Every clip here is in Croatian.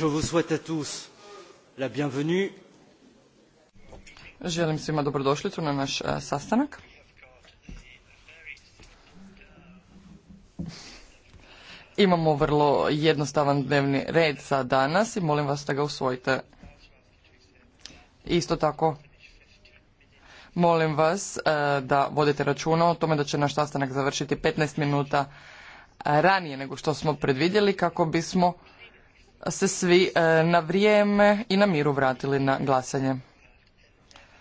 Je vous souhaite à tous la bienvenue. Želim svima dobrodošlicu na naš e, sastanak. Imamo vrlo jednostavan dnevni red za danas i molim vas da ga usvojite. Isto tako, molim vas e, da vodite računa o tome da će naš sastanak završiti 15 minuta ranije nego što smo predvidjeli kako bismo se svi e, na vrijeme i na miru vratili na glasanje.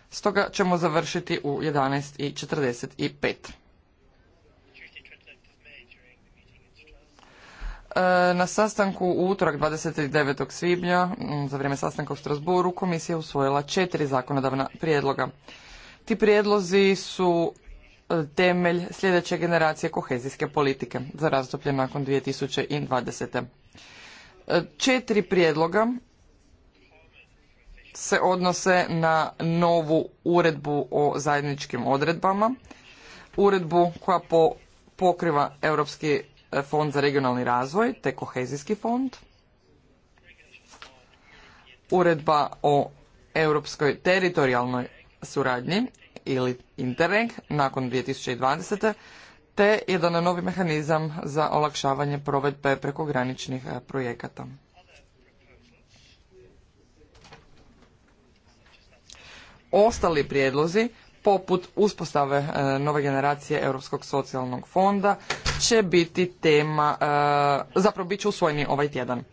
Stoga ćemo završiti u 11.45. E, na sastanku u utorak 29. svibnja, za vrijeme sastanka u Strasburu, komisija usvojila četiri zakonodavna prijedloga. Ti prijedlozi su e, temelj sljedeće generacije kohezijske politike za razdoblje nakon 2020. Četiri prijedloga se odnose na novu uredbu o zajedničkim odredbama, uredbu koja pokriva Europski fond za regionalni razvoj te kohezijski fond, uredba o europskoj teritorijalnoj suradnji ili Interreg nakon 2020 te jedan novi mehanizam za olakšavanje provedbe prekograničnih e, projekata. Ostali prijedlozi, poput uspostave e, nove generacije Europskog socijalnog fonda, će biti tema, e, zapravo bit će usvojeni ovaj tjedan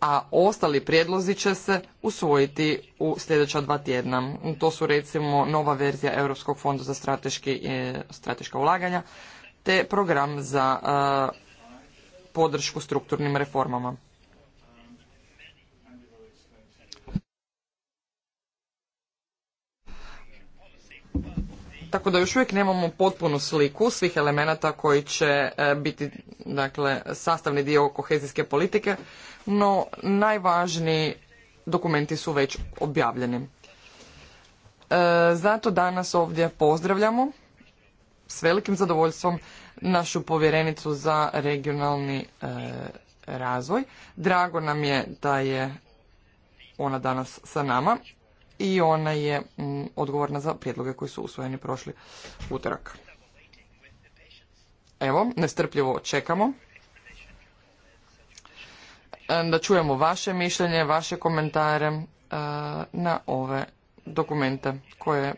a ostali prijedlozi će se usvojiti u sljedeća dva tjedna. To su recimo nova verzija Europskog fonda za strateški, e, strateška ulaganja te program za e, podršku strukturnim reformama. Tako da još uvijek nemamo potpunu sliku svih elemenata koji će e, biti dakle, sastavni dio kohezijske politike, no najvažniji dokumenti su već objavljeni. E, zato danas ovdje pozdravljamo s velikim zadovoljstvom našu povjerenicu za regionalni e, razvoj. Drago nam je da je ona danas sa nama i ona je odgovorna za prijedloge koji su usvojeni prošli utorak. Evo, nestrpljivo čekamo E, da čujemo vaše mišljenje, vaše komentare e, na ove dokumente koje je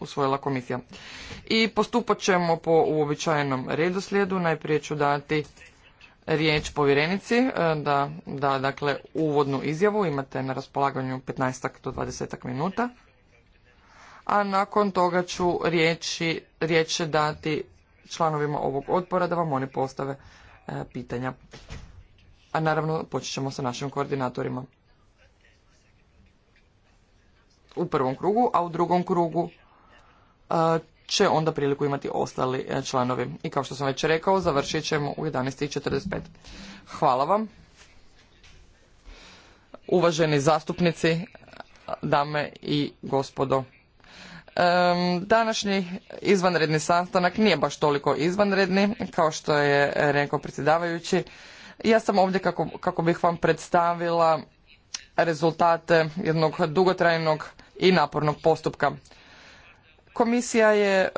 usvojila komisija. I postupat ćemo po uobičajenom redoslijedu. Najprije ću dati riječ povjerenici e, da da dakle uvodnu izjavu imate na raspolaganju 15 do 20 minuta. A nakon toga ću riječi, riječ dati članovima ovog odbora da vam oni postave pitanja a naravno počet ćemo sa našim koordinatorima. U prvom krugu, a u drugom krugu e, će onda priliku imati ostali e, članovi. I kao što sam već rekao, završit ćemo u 11.45. Hvala vam. Uvaženi zastupnici, dame i gospodo. E, današnji izvanredni sastanak nije baš toliko izvanredni, kao što je rekao predsjedavajući. Ja sam ovdje kako, kako bih vam predstavila rezultate jednog dugotrajnog i napornog postupka. Komisija je e,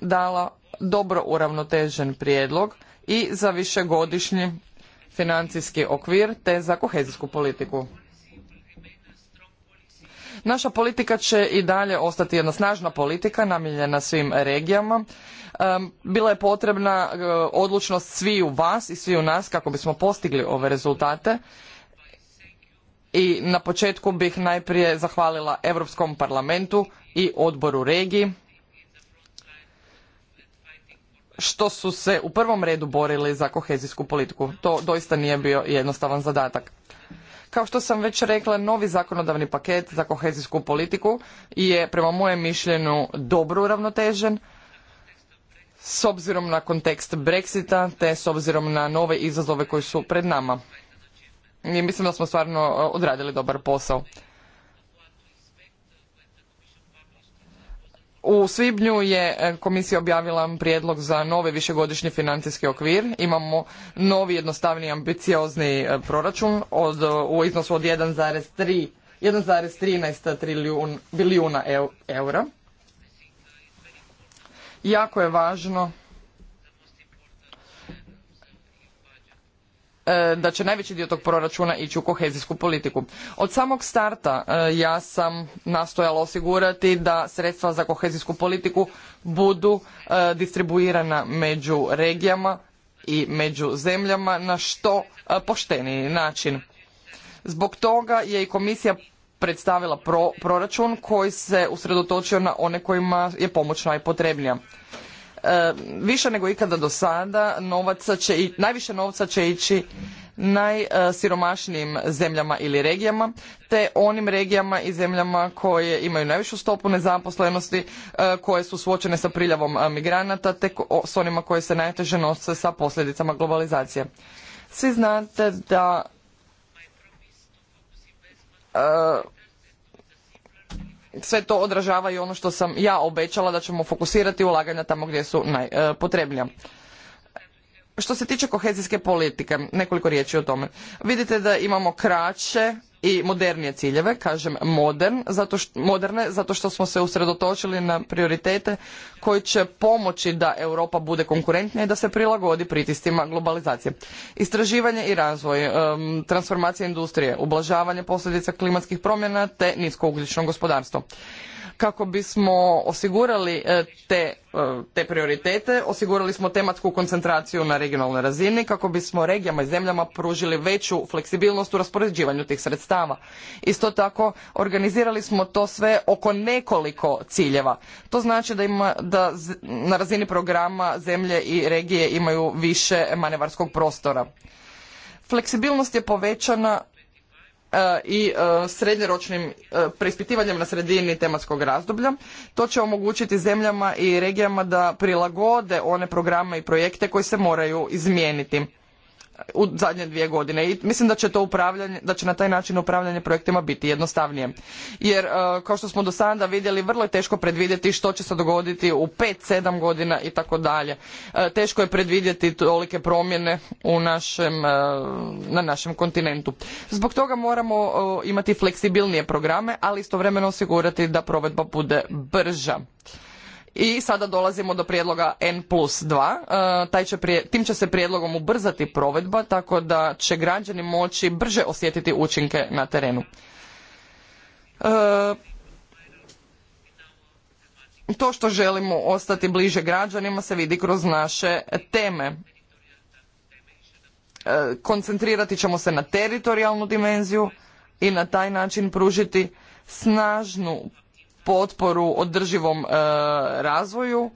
dala dobro uravnotežen prijedlog i za višegodišnji financijski okvir te za kohezijsku politiku. Naša politika će i dalje ostati jedna snažna politika namijenjena svim regijama. Bila je potrebna e, odlučnost sviju vas i sviju nas kako bismo postigli ove rezultate. I na početku bih najprije zahvalila Europskom parlamentu i odboru regiji što su se u prvom redu borili za kohezijsku politiku. To doista nije bio jednostavan zadatak. Kao što sam već rekla, novi zakonodavni paket za kohezijsku politiku je prema mojem mišljenju dobro uravnotežen s obzirom na kontekst Brexita te s obzirom na nove izazove koji su pred nama. I mislim da smo stvarno e, odradili dobar posao. U svibnju je e, komisija objavila prijedlog za novi višegodišnji financijski okvir. Imamo novi jednostavni ambiciozni e, proračun e, u iznosu od 1,3 1,13 bilijuna eura. Jako je važno E, da će najveći dio tog proračuna ići u kohezijsku politiku. Od samog starta e, ja sam nastojala osigurati da sredstva za kohezijsku politiku budu e, distribuirana među regijama i među zemljama na što pošteniji način. Zbog toga je i komisija predstavila proračun koji se usredotočio na one kojima je pomoć najpotrebnija. E, više nego ikada do sada najviše novca će ići najsiromašnijim zemljama ili regijama te onim regijama i zemljama koje imaju najvišu stopu nezaposlenosti e, koje su suočene sa priljavom e, migranata te s onima koje se najteže nose sa posljedicama globalizacije svi znate da sve to odražava i ono što sam ja obećala da ćemo fokusirati ulaganja tamo gdje su najpotrebnija. Što se tiče kohezijske politike, nekoliko riječi o tome. Vidite da imamo kraće i modernije ciljeve, kažem modern, zato moderne, zato što smo se usredotočili na prioritete koji će pomoći da Europa bude konkurentnija i da se prilagodi pritiscima globalizacije. Istraživanje i razvoj, transformacija industrije, ublažavanje posljedica klimatskih promjena te niskougljično gospodarstvo kako bismo osigurali e, e, te, prioritete osigurali smo tematsku koncentraciju na regionalnoj razini kako bismo regijama i zemljama pružili veću fleksibilnost u raspoređivanju tih sredstava isto tako organizirali smo to sve oko nekoliko ciljeva to znači da ima da na razini programa zemlje i regije imaju više manevarskog prostora fleksibilnost je povećana E, i e, srednjeročnim e, preispitivanjem na sredini tematskog razdoblja. To će omogućiti zemljama i regijama da prilagode one programe i projekte koji se moraju izmijeniti u zadnje dvije godine i mislim da će to upravljanje, da će na taj način upravljanje projektima biti jednostavnije. Jer e, kao što smo do sada vidjeli, vrlo je teško predvidjeti što će se dogoditi u pet, sedam godina i tako dalje. E, teško je predvidjeti tolike promjene u e, na našem kontinentu. Zbog toga moramo imati fleksibilnije programe, ali istovremeno osigurati da provedba bude brža. I sada dolazimo do prijedloga N plus e, tim će se prijedlogom ubrzati provedba tako da će građani moći brže osjetiti učinke na terenu. E, to što želimo ostati bliže građanima se vidi kroz naše teme. E, koncentrirati ćemo se na teritorijalnu dimenziju i na taj način pružiti snažnu potporu održivom e, razvoju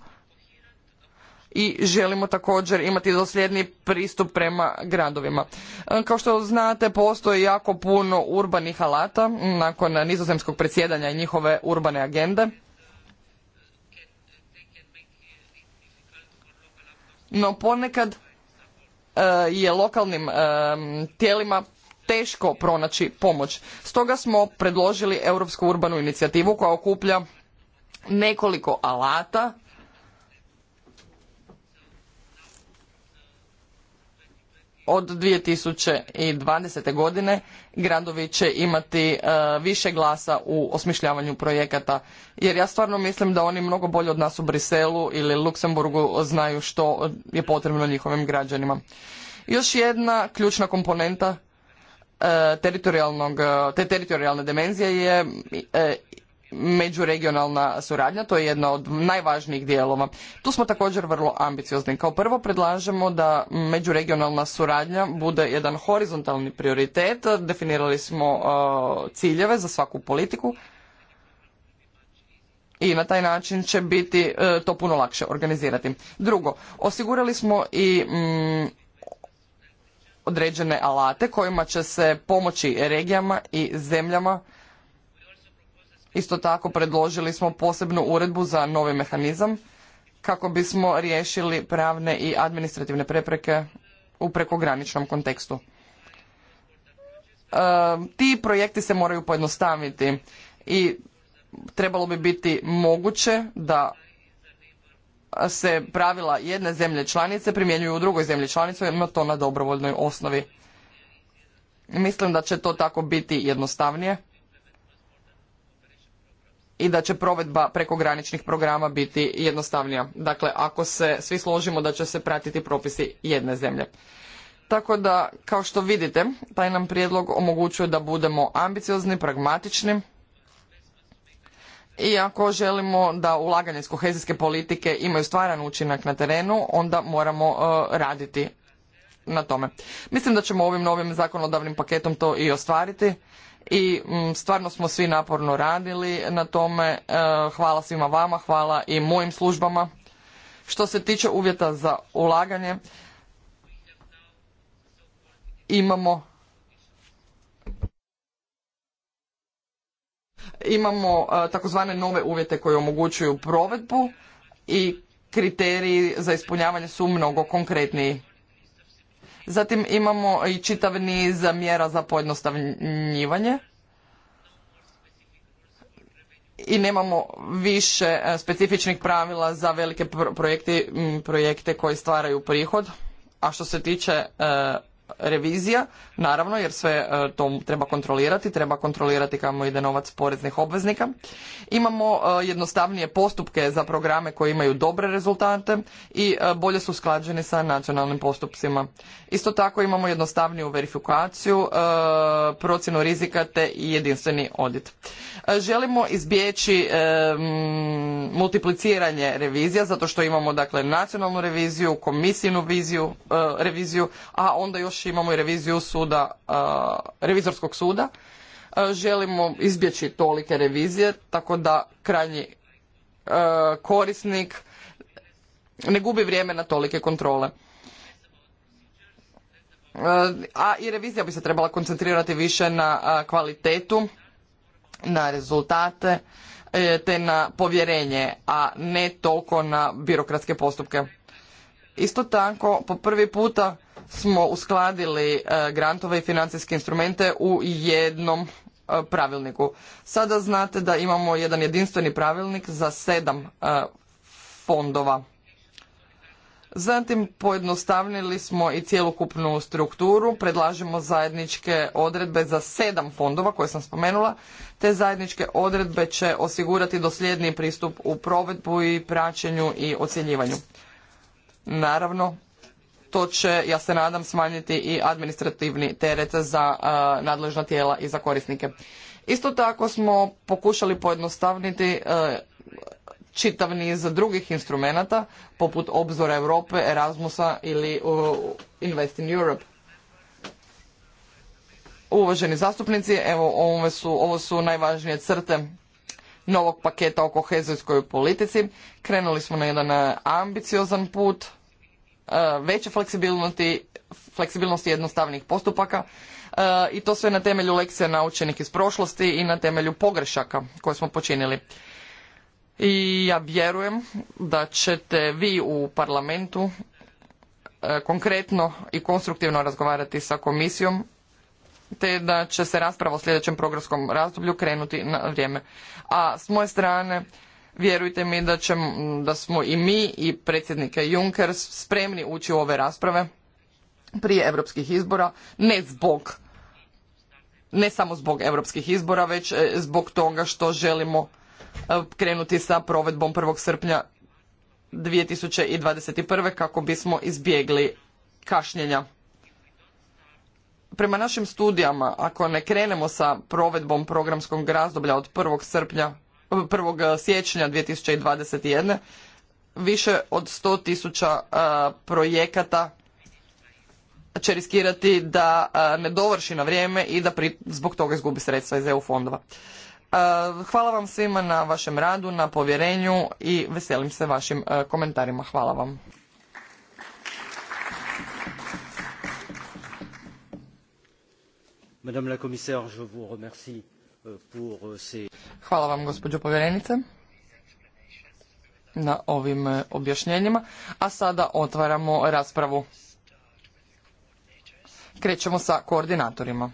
i želimo također imati dosljedni pristup prema gradovima. E, kao što znate, postoji jako puno urbanih alata nakon nizozemskog predsjedanja i njihove urbane agende. No ponekad e, je lokalnim tijelima teško pronaći pomoć. Stoga smo predložili Europsku urbanu inicijativu koja okuplja nekoliko alata od 2020. godine gradovi će imati e, više glasa u osmišljavanju projekata jer ja stvarno mislim da oni mnogo bolje od nas u Briselu ili Luksemburgu znaju što je potrebno njihovim građanima. Još jedna ključna komponenta E, teritorijalnog, e, te teritorijalne dimenzije je e, međuregionalna suradnja, to je jedna od najvažnijih dijelova. Tu smo također vrlo ambiciozni. Kao prvo predlažemo da međuregionalna suradnja bude jedan horizontalni prioritet. Definirali smo ciljeve za svaku politiku i na taj način će biti to puno lakše organizirati. Drugo, osigurali smo i mm, određene alate kojima će se pomoći regijama i zemljama. Isto tako predložili smo posebnu uredbu za novi mehanizam kako bismo riješili pravne i administrativne prepreke u prekograničnom kontekstu. E, ti projekti se moraju pojednostaviti i trebalo bi biti moguće da se pravila jedne zemlje članice primjenjuju u drugoj zemlji članici, ima to na dobrovoljnoj osnovi. Mislim da će to tako biti jednostavnije i da će provedba prekograničnih programa biti jednostavnija. Dakle, ako se svi složimo da će se pratiti propisi jedne zemlje. Tako da, kao što vidite, taj nam prijedlog omogućuje da budemo ambiciozni, pragmatični, i ako želimo da ulaganje iz kohezijske politike imaju stvaran učinak na terenu, onda moramo e, raditi na tome. Mislim da ćemo ovim novim zakonodavnim paketom to i ostvariti i mm, stvarno smo svi naporno radili na tome. E, hvala svima vama, hvala i mojim službama. Što se tiče uvjeta za ulaganje, imamo imamo takozvane nove uvjete koji omogućuju provedbu i kriteriji za ispunjavanje su mnogo konkretniji. Zatim imamo i čitav niz mjera za pojednostavnjivanje i nemamo više specifičnih pravila za velike projekte, projekte koji stvaraju prihod. A što se tiče e, revizija, naravno jer sve e, to treba kontrolirati, treba kontrolirati kamo ide novac poreznih obveznika. Imamo e, jednostavnije postupke za programe koji imaju dobre rezultate i e, bolje su usklađeni sa nacionalnim postupcima. Isto tako imamo jednostavniju verifikaciju, procjenu rizika te i jedinstveni audit. Želimo izbjeći multipliciranje revizija zato što imamo dakle nacionalnu reviziju, komisijnu viziju, reviziju, a onda još još imamo i reviziju suda, revizorskog suda. Želimo izbjeći tolike revizije, tako da krajnji korisnik ne gubi vrijeme na tolike kontrole. A i revizija bi se trebala koncentrirati više na kvalitetu, na rezultate, e, te na povjerenje, a ne toliko na birokratske postupke. Isto tako, po prvi puta smo uskladili e, grantove i financijske instrumente u jednom e, pravilniku. Sada znate da imamo jedan jedinstveni pravilnik za sedam e, fondova. Zatim pojednostavnili smo i cjelokupnu strukturu, predlažemo zajedničke odredbe za sedam fondova koje sam spomenula. Te zajedničke odredbe će osigurati dosljedniji pristup u provedbu i praćenju i ocjenjivanju. Naravno, to će, ja se nadam, smanjiti i administrativni teret za uh, nadležna tijela i za korisnike. Isto tako smo pokušali pojednostavniti uh, čitav niz drugih instrumenata, poput Obzora Europe, Erasmusa ili uh, Invest in Europe. Uvaženi zastupnici, evo ovo su, ovo su najvažnije crte novog paketa o kohezijskoj politici. Krenuli smo na jedan ambiciozan put Eh, veće fleksibilnosti, fleksibilnosti jednostavnih postupaka eh, i to sve na temelju lekcija naučenih iz prošlosti i na temelju pogrešaka koje smo počinili. I ja vjerujem da ćete vi u parlamentu eh, konkretno i konstruktivno razgovarati sa komisijom te da će se rasprava o sljedećem programskom razdoblju krenuti na vrijeme. A s moje strane Vjerujte mi da, da smo i mi i predsjednike Juncker spremni ući u ove rasprave prije europskih izbora, ne zbog ne samo zbog europskih izbora, već e, zbog toga što želimo e, krenuti sa provedbom 1. srpnja 2021. kako bismo izbjegli kašnjenja. Prema našim studijama, ako ne krenemo sa provedbom programskog razdoblja od 1. srpnja 1. Eh, siječnja 2021. više od 100 tisuća eh, projekata će riskirati da eh, ne dovrši na vrijeme i da zbog toga izgubi sredstva iz EU fondova. Hvala vam svima na vašem radu, na povjerenju i veselim se vašim komentarima. Hvala vam. Madame la commissaire, je vous Euh, Hvala vam gospođo povjerenice na ovim e, objašnjenjima, a sada otvaramo raspravu. Krećemo sa koordinatorima.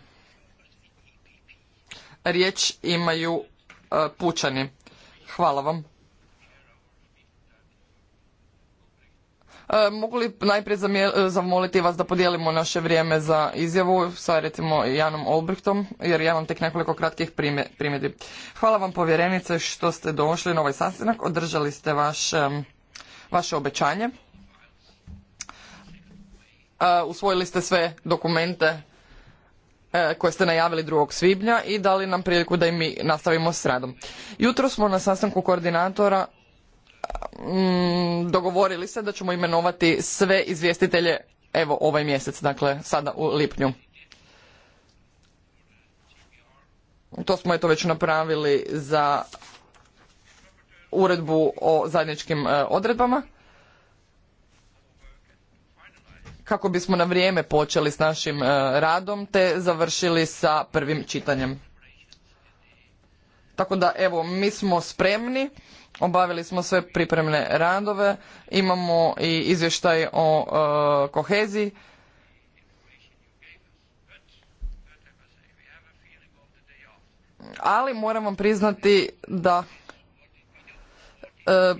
Riječ imaju e, pučani. Hvala vam. E, mogu li najprije e, zamoliti vas da podijelimo naše vrijeme za izjavu sa recimo Janom Olbrichtom, jer ja vam tek nekoliko kratkih primjedbi. Hvala vam povjerenice što ste došli na ovaj sastanak, održali ste e, vaše obećanje. Usvojili ste sve dokumente koje ste najavili 2. svibnja i dali nam priliku da i mi nastavimo s radom. Jutro smo na sastanku koordinatora Mm, dogovorili se da ćemo imenovati sve izvjestitelje evo ovaj mjesec, dakle sada u lipnju. To smo eto već napravili za uredbu o zajedničkim e, odredbama. kako bismo na vrijeme počeli s našim e, radom te završili sa prvim čitanjem. Tako da evo mi smo spremni obavili smo sve pripremne radove, imamo i izvještaj o e, koheziji. Ali moram vam priznati da e,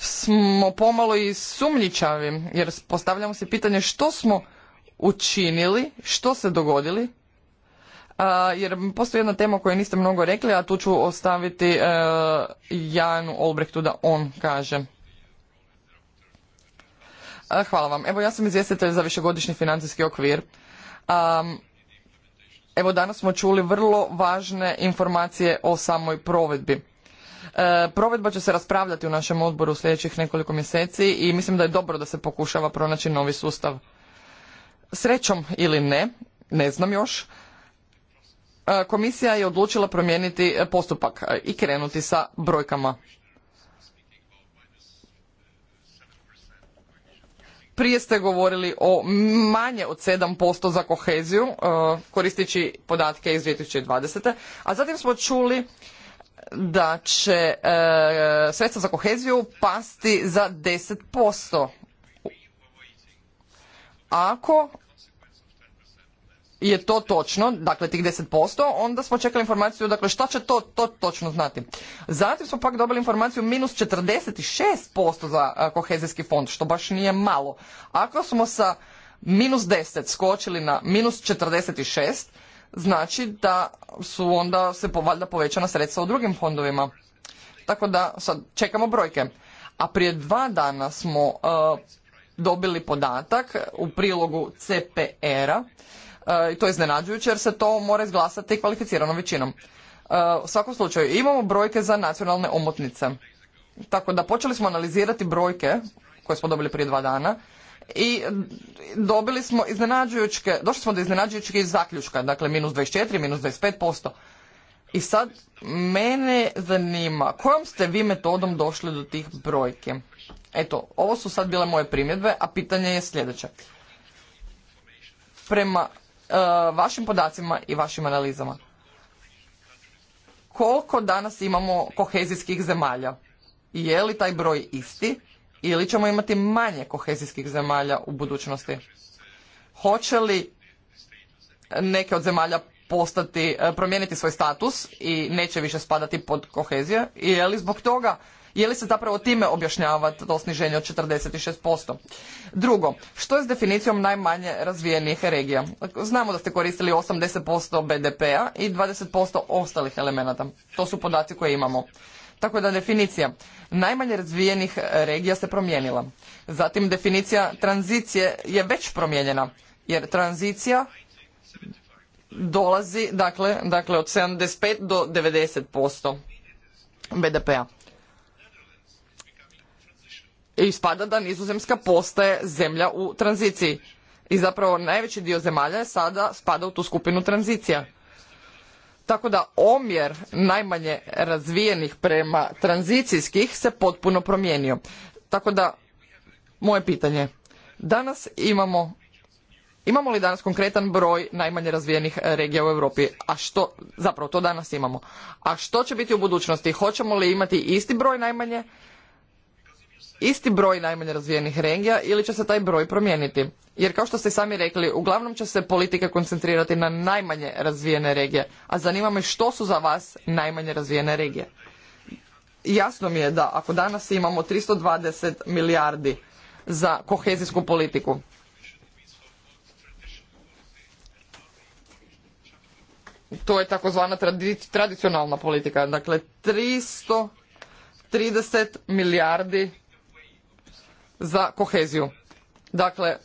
smo pomalo i sumnjičavi jer postavljamo se pitanje što smo učinili, što se dogodili jer postoji jedna tema koju niste mnogo rekli, a tu ću ostaviti e, Janu Olbrechtu da on kaže. E, hvala vam. Evo ja sam izvjestitelj za višegodišnji financijski okvir. Evo danas smo čuli vrlo važne informacije o samoj provedbi. E, provedba će se raspravljati u našem odboru u sljedećih nekoliko mjeseci i mislim da je dobro da se pokušava pronaći novi sustav. Srećom ili ne, ne znam još, komisija je odlučila promijeniti e, postupak e, i krenuti sa brojkama. Prije ste govorili o manje od 7% za koheziju, e, koristeći podatke iz 2020. A zatim smo čuli da će sredstva za koheziju pasti za 10%. Ako je to točno, dakle tih 10%, onda smo čekali informaciju, dakle šta će to, to točno znati. Zatim smo pak dobili informaciju minus 46% za e, kohezijski fond, što baš nije malo. Ako smo sa minus 10 skočili na minus 46, znači da su onda se valjda povećana sredstva u drugim fondovima. Tako da sad čekamo brojke. A prije dva dana smo e, dobili podatak u prilogu CPR-a E, i to je iznenađujuće jer se to mora izglasati kvalificiranom većinom. E, u svakom slučaju imamo brojke za nacionalne omotnice. Tako da počeli smo analizirati brojke koje smo dobili prije dva dana i dobili smo iznenađujuće, došli smo do iznenađujućeg zaključka, dakle minus 24, minus 25%. I sad mene zanima kojom ste vi metodom došli do tih brojki? Eto, ovo su sad bile moje primjedbe, a pitanje je sljedeće. Prema Eh, vašim podacima i vašim analizama. Koliko danas imamo kohezijskih zemalja? Je li taj broj isti ili ćemo imati manje kohezijskih zemalja u budućnosti? Hoće li neke od zemalja postati, eh, promijeniti svoj status i neće više spadati pod kohezije i je li zbog toga je li se zapravo time objašnjava to sniženje od 46%? Drugo, što je s definicijom najmanje razvijenih regija? Znamo da ste koristili 80% BDP-a i 20% ostalih elemenata. To su podaci koje imamo. Tako da definicija najmanje razvijenih regija se promijenila. Zatim definicija tranzicije je već promijenjena jer tranzicija dolazi dakle, dakle od 75 do 90% BDP-a ispada da Nizozemska postaje zemlja u tranziciji. I zapravo najveći dio zemalja je sada spada u tu skupinu tranzicija. Tako da omjer najmanje razvijenih prema tranzicijskih se potpuno promijenio. Tako da, moje pitanje, danas imamo, imamo li danas konkretan broj najmanje razvijenih regija u Europi? A što, zapravo to danas imamo. A što će biti u budućnosti? Hoćemo li imati isti broj najmanje isti broj najmanje razvijenih regija ili će se taj broj promijeniti. Jer kao što ste sami rekli, uglavnom će se politika koncentrirati na najmanje razvijene regije. A zanima me što su za vas najmanje razvijene regije. Jasno mi je da ako danas imamo 320 milijardi za kohezijsku politiku, to je takozvana tradicionalna politika. Dakle, 330 milijardi za koheziju. Dakle,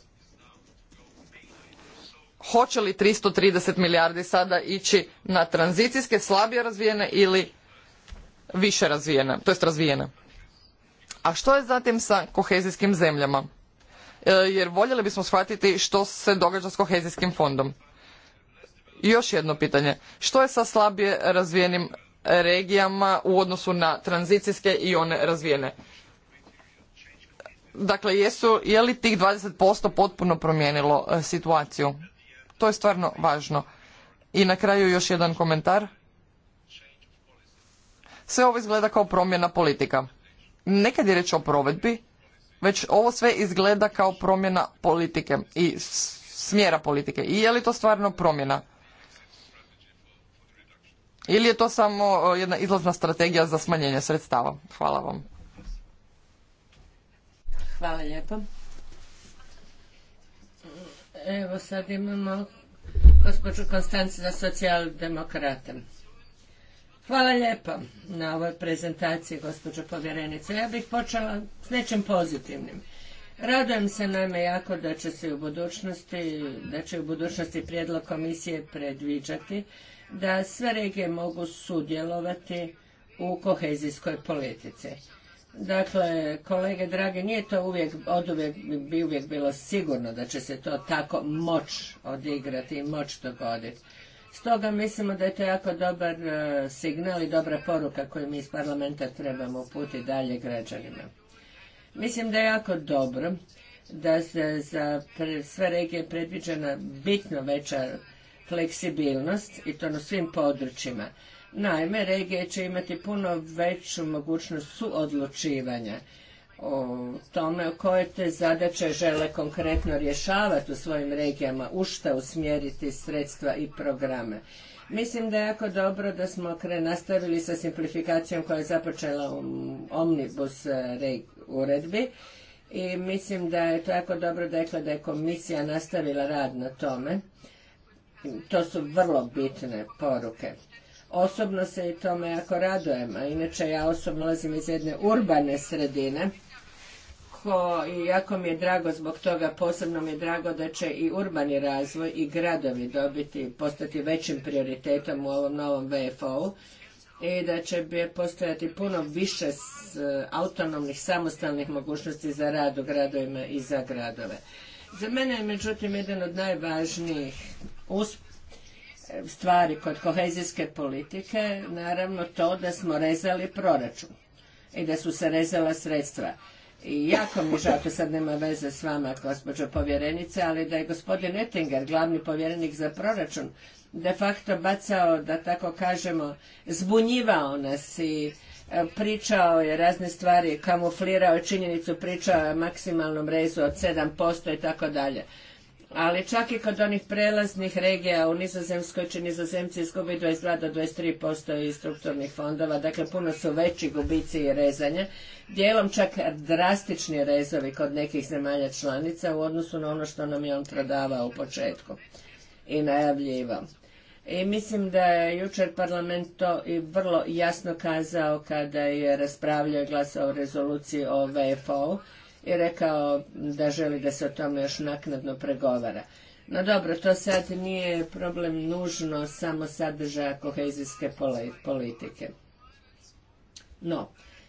hoće li 330 milijardi sada ići na tranzicijske, slabije razvijene ili više razvijene, to jest razvijene. A što je zatim sa kohezijskim zemljama? E, jer voljeli bismo shvatiti što se događa s kohezijskim fondom. još jedno pitanje. Što je sa slabije razvijenim regijama u odnosu na tranzicijske i one razvijene? dakle jesu, je li tih 20% potpuno promijenilo e, situaciju? To je stvarno važno. I na kraju još jedan komentar. Sve ovo izgleda kao promjena politika. Nekad je reč o provedbi, već ovo sve izgleda kao promjena politike i smjera politike. I je li to stvarno promjena? Ili je to samo e, jedna izlazna strategija za smanjenje sredstava? Hvala vam. Hvala lijepo. Evo sad imamo gospođu Konstanci za socijaldemokrate. Hvala lijepo na ovoj prezentaciji, gospođo povjerenice. Ja bih počela s nečim pozitivnim. Radujem se naime jako da će se u budućnosti, da će u budućnosti prijedlog komisije predviđati da sve regije mogu sudjelovati u kohezijskoj politici. Dakle, kolege drage, nije to uvijek, od bi uvijek bilo sigurno da će se to tako moć odigrati i moć dogoditi. Stoga mislimo da je to jako dobar e, signal i dobra poruka koju mi iz parlamenta trebamo uputiti dalje građanima. Mislim da je jako dobro da se za sve regije predviđena bitno veća fleksibilnost i to na svim područjima Naime, regije će imati puno veću mogućnost suodlučivanja o tome koje te zadaće žele konkretno rješavati u svojim regijama, u šta usmjeriti sredstva i programe. Mislim da je jako dobro da smo nastavili sa simplifikacijom koja je započela u Omnibus e, uredbi i mislim da je to jako dobro da je komisija nastavila rad na tome. To su vrlo bitne poruke. Osobno se i tome jako radujem, a inače ja osobno dolazim iz jedne urbane sredine ko, i jako mi je drago zbog toga, posebno mi je drago da će i urbani razvoj i gradovi dobiti, postati većim prioritetom u ovom novom VFO-u i da će postojati puno više autonomnih, samostalnih mogućnosti za rad u gradovima i za gradove. Za mene je međutim jedan od najvažnijih uspjeha stvari kod kohezijske politike naravno to da smo rezali proračun i da su se rezala sredstva. I jako mi žao, to sad nema veze s vama, gospođo povjerenice, ali da je gospodin Ettinger, glavni povjerenik za proračun, de facto bacao, da tako kažemo, zbunjivao nas i e, pričao je razne stvari, kamuflirao činjenicu, pričao je maksimalnom rezu od 7% i tako dalje ali čak i kod onih prelaznih regija u Nizozemskoj će Nizozemci izgubiti 22 do 23% iz strukturnih fondova, dakle puno su veći gubici i rezanja. dijelom čak drastični rezovi kod nekih zemalja članica u odnosu na ono što nam je on prodavao u početku i najavljivao. I mislim da je jučer parlament to i vrlo jasno kazao kada je raspravljao i glasao o rezoluciji o VFO-u i rekao da želi da se o tome još naknadno pregovara. No dobro, to sad nije problem nužno samo sadržaja kohezijske politike. No,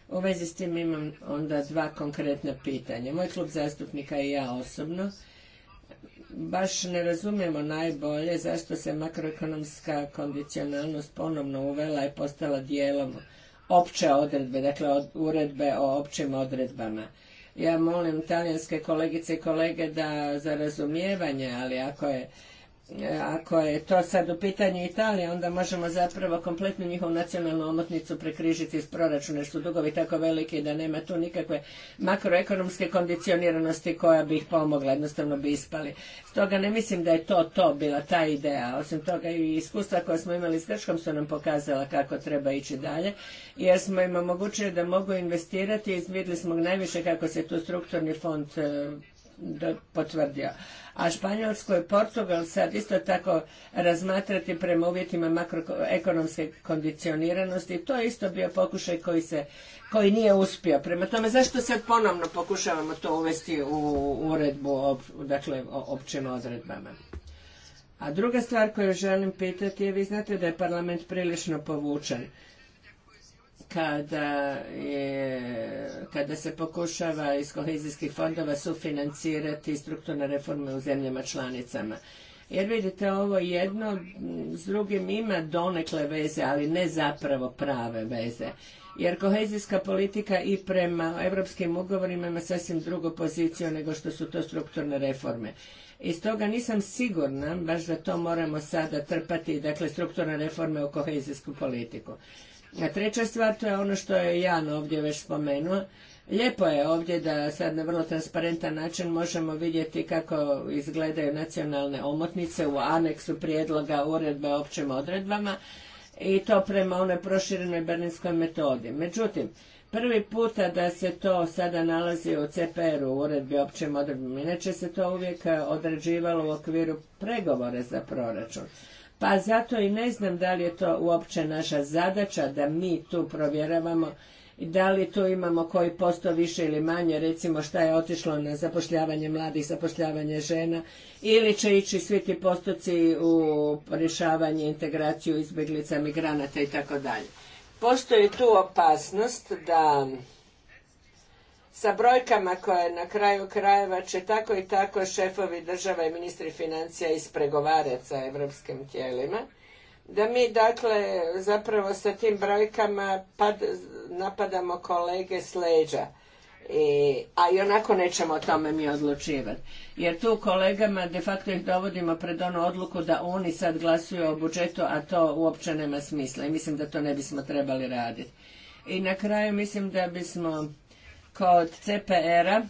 u vezi s tim imam onda dva konkretna pitanja. Moj klub zastupnika i ja osobno baš ne razumijemo najbolje zašto se makroekonomska kondicionalnost ponovno uvela i postala dijelom opće odredbe, dakle uredbe o općim odredbama. Ja molim talijanske kolegice i kolege da za razumijevanje, ali ako je E, ako je to sad u pitanju Italije, onda možemo zapravo kompletnu njihovu nacionalnu omotnicu prekrižiti iz proračuna, jer su dugovi tako veliki da nema tu nikakve makroekonomske kondicioniranosti koja bi ih pomogla, jednostavno bi ispali. Stoga ne mislim da je to to bila ta ideja. Osim toga i iskustva koja smo imali s Grčkom su nam pokazala kako treba ići dalje, jer smo im omogućili da mogu investirati i vidjeli smo najviše kako se tu strukturni fond e, potvrdio a Španjolsku i Portugal sad isto tako razmatrati prema uvjetima makroekonomske kondicioniranosti. To je isto bio pokušaj koji se koji nije uspio. Prema tome, zašto sad ponovno pokušavamo to uvesti u uredbu dakle, o općim odredbama? A druga stvar koju želim pitati je, vi znate da je parlament prilično povučen kada je kada se pokušava iz kohezijskih fondova sufinancirati strukturne reforme u zemljama članicama. Jer vidite, ovo jedno s drugim ima donekle veze, ali ne zapravo prave veze. Jer kohezijska politika i prema europskim ugovorima ima sasvim drugu poziciju nego što su to strukturne reforme. I stoga nisam sigurna baš da to moramo sada trpati, dakle strukturne reforme u kohezijsku politiku treća stvar, to je ono što je Jan ovdje već spomenuo. Lijepo je ovdje da sad na vrlo transparentan način možemo vidjeti kako izgledaju nacionalne omotnice u aneksu prijedloga uredbe općim odredbama i to prema onoj proširenoj berlinskoj metodi. Međutim, prvi puta da se to sada nalazi u CPR-u, u uredbi općim odredbama. Inače se to uvijek određivalo u okviru pregovora za proračun pa zato i ne znam da li je to uopće naša zadaća da mi tu provjeravamo da li tu imamo koji posto više ili manje, recimo šta je otišlo na zapošljavanje mladih, zapošljavanje žena, ili će ići svi ti postoci u rješavanje, integraciju izbjeglica, migranata i tako dalje. Postoji tu opasnost da sa brojkama koje na kraju krajeva će tako i tako šefovi država i ministri financija ispregovarati sa europskim tijelima. Da mi dakle zapravo sa tim brojkama napadamo kolege s leđa. a i onako nećemo o tome mi odlučivati. Jer tu kolegama de facto ih dovodimo pred onu odluku da oni sad glasuju o budžetu, a to uopće nema smisla. I mislim da to ne bismo trebali raditi. I na kraju mislim da bismo kod CPR-a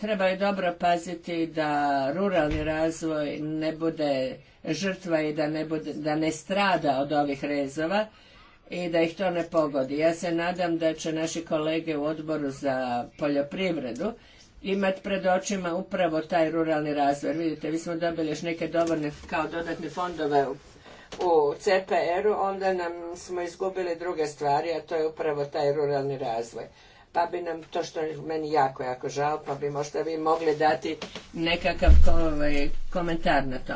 treba je dobro paziti da ruralni razvoj ne bude žrtva i da ne, bude, da ne strada od ovih rezova i da ih to ne pogodi. Ja se nadam da će naši kolege u odboru za poljoprivredu imati pred očima upravo taj ruralni razvoj. Vidite, mi smo dobili još neke dovoljne kao dodatne fondove u u CPR-u, onda nam smo izgubili druge stvari, a to je upravo taj ruralni razvoj. Pa bi nam to što je meni jako, jako žao, pa bi možda vi mogli dati nekakav ovaj, komentar na to.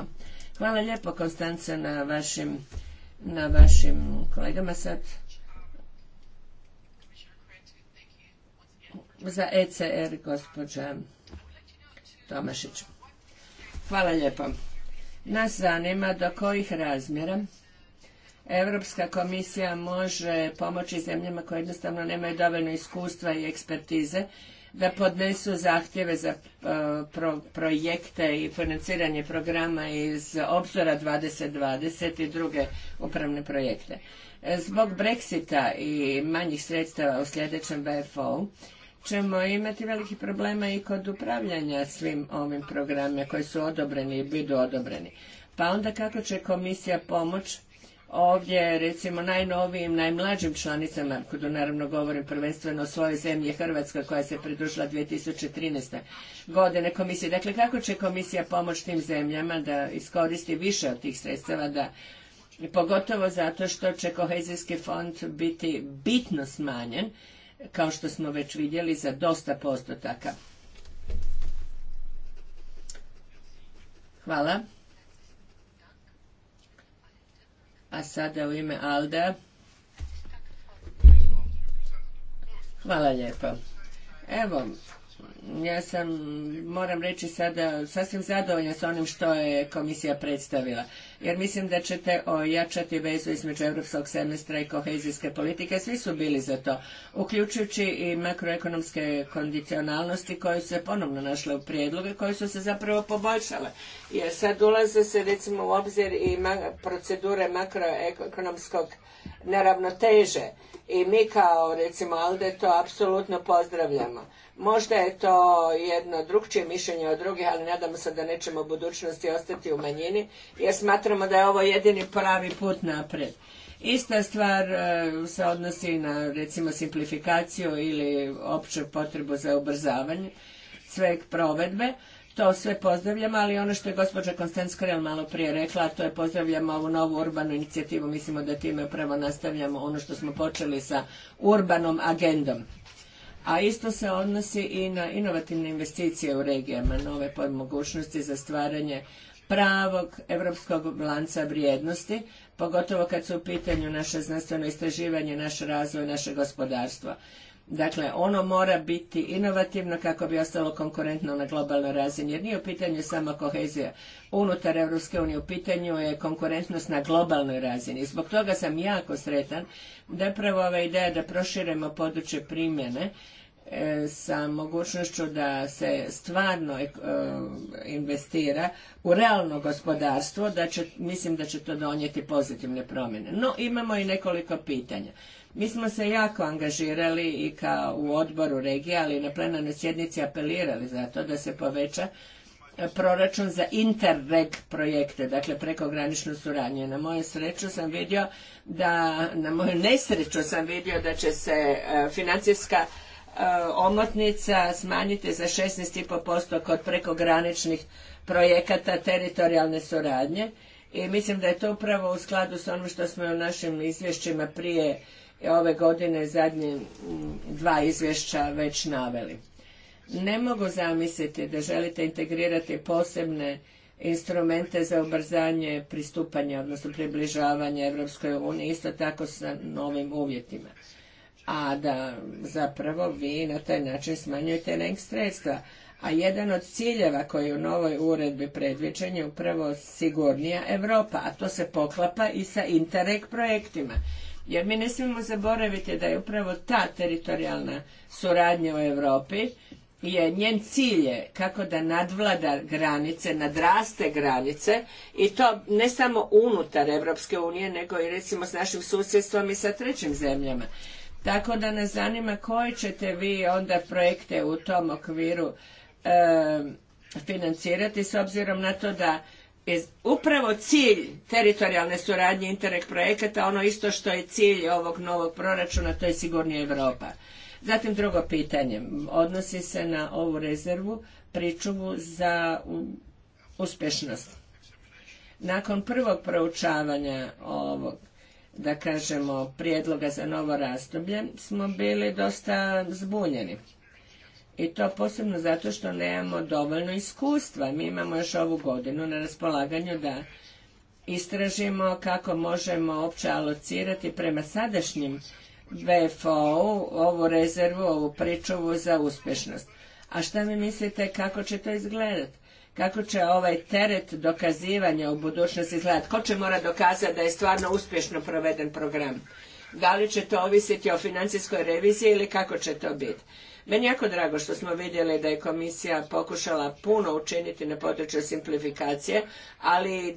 Hvala lijepo Konstanca na vašim, na vašim kolegama sad. Za ECR gospođa Tomašić. Hvala lijepo. Nas zanima do kojih razmjera Europska komisija može pomoći zemljama koje jednostavno nemaju dovoljno iskustva i ekspertize da podnesu zahtjeve za e, projekte i financiranje programa iz obzora 2020 i druge upravne projekte. E, zbog Brexita i manjih sredstava u sljedećem BFO-u ćemo imati velikih problema i kod upravljanja svim ovim programima koji su odobreni i budu odobreni. Pa onda kako će komisija pomoć ovdje recimo najnovijim, najmlađim članicama, kod naravno govorim prvenstveno o svojoj zemlji Hrvatskoj koja se pridružila 2013. godine komisije. Dakle, kako će komisija pomoć tim zemljama da iskoristi više od tih sredstava da pogotovo zato što će kohezijski fond biti bitno smanjen kao što smo već vidjeli, za dosta postotaka. Hvala. A sada u ime Alda. Hvala lijepo. Evo, ja sam, moram reći sada, sasvim zadovoljna s onim što je komisija predstavila jer mislim da ćete ojačati vezu između europskog semestra i kohezijske politike. Svi su bili za to, uključujući i makroekonomske kondicionalnosti koje su se ponovno našle u prijedloge, koje su se zapravo poboljšale. Jer sad ulaze se recimo u obzir i procedure makroekonomskog neravnoteže i mi kao recimo Alde to apsolutno pozdravljamo. Možda je to jedno drugčije mišljenje od drugih, ali nadamo se da nećemo u budućnosti ostati u manjini, jer smatramo da je ovo jedini pravi put naprijed. Ista stvar e, se odnosi na recimo simplifikaciju ili opću potrebu za ubrzavanje sveg provedbe, to sve pozdravljamo, ali ono što je gospođa Konstanc Krel malo prije rekla, a to je pozdravljamo ovu novu urbanu inicijativu, mislimo da time upravo nastavljamo ono što smo počeli sa urbanom agendom. A isto se odnosi i na inovativne investicije u regijama, nove mogućnosti za stvaranje pravog europskog lanca vrijednosti, pogotovo kad su u pitanju naše znanstveno istraživanje, naš razvoj, naše gospodarstvo. Dakle, ono mora biti inovativno kako bi ostalo konkurentno na globalnoj razini. Jer nije u pitanju samo kohezija unutar Europske unije, u pitanju je konkurentnost na globalnoj razini. zbog toga sam jako sretan da upravo ova ideja da proširimo područje primjene e, sa mogućnošću da se stvarno e, investira u realno gospodarstvo, da će, mislim da će to donijeti pozitivne promjene. No, imamo i nekoliko pitanja. Mi smo se jako angažirali i kao u odboru regije, ali i na plenarnoj sjednici apelirali za to da se poveća e, proračun za interreg projekte, dakle prekograničnu suradnju. Na moju sreću sam vidio da, na moju nesreću sam vidio da će se e, financijska e, omotnica smanjiti za 16,5% kod prekograničnih projekata teritorijalne suradnje i mislim da je to upravo u skladu s onim što smo u našim izvješćima prije ove godine zadnje dva izvješća već naveli. Ne mogu zamisliti da želite integrirati posebne instrumente za ubrzanje pristupanja, odnosno približavanja Europskoj uniji, isto tako sa novim uvjetima. A da zapravo vi na taj način smanjujete rank sredstva. A jedan od ciljeva koji je u novoj uredbi predviđen je upravo sigurnija Europa, a to se poklapa i sa Interreg projektima. Jer mi ne smijemo zaboraviti da je upravo ta teritorijalna suradnja u Europi je njen cilj je kako da nadvlada granice, nadraste granice i to ne samo unutar Europske unije nego i recimo s našim susjedstvom i sa trećim zemljama. Tako da nas zanima koje ćete vi onda projekte u tom okviru eh, financirati s obzirom na to da upravo cilj teritorijalne suradnje Interreg projekata ono isto što je cilj ovog novog proračuna, to je sigurnija Europa. Zatim drugo pitanje, odnosi se na ovu rezervu, pričuvu za uspješnost. Nakon prvog proučavanja ovog da kažemo prijedloga za novo razdoblje smo bili dosta zbunjeni i to posebno zato što nemamo dovoljno iskustva. Mi imamo još ovu godinu na raspolaganju da istražimo kako možemo opće alocirati prema sadašnjim VFO-u ovu rezervu, ovu pričuvu za uspješnost. A šta vi mislite kako će to izgledati? Kako će ovaj teret dokazivanja u budućnosti izgledati? Ko će mora dokazati da je stvarno uspješno proveden program? Da li će to ovisiti o financijskoj reviziji ili kako će to biti? Meni je jako drago što smo vidjeli da je komisija pokušala puno učiniti na području simplifikacije, ali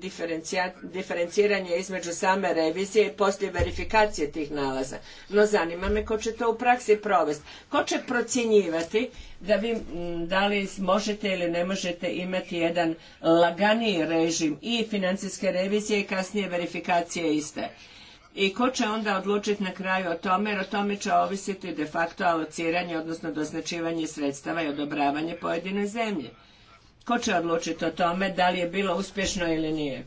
diferenciranje između same revizije i poslije verifikacije tih nalaza. No zanima me ko će to u praksi provesti. Ko će procjenjivati da vi da li možete ili ne možete imati jedan laganiji režim i financijske revizije i kasnije verifikacije iste i ko će onda odlučiti na kraju o tome jer o tome će ovisiti de facto alociranje odnosno doznačivanje sredstava i odobravanje pojedinoj zemlji. Ko će odlučiti o tome da li je bilo uspješno ili nije?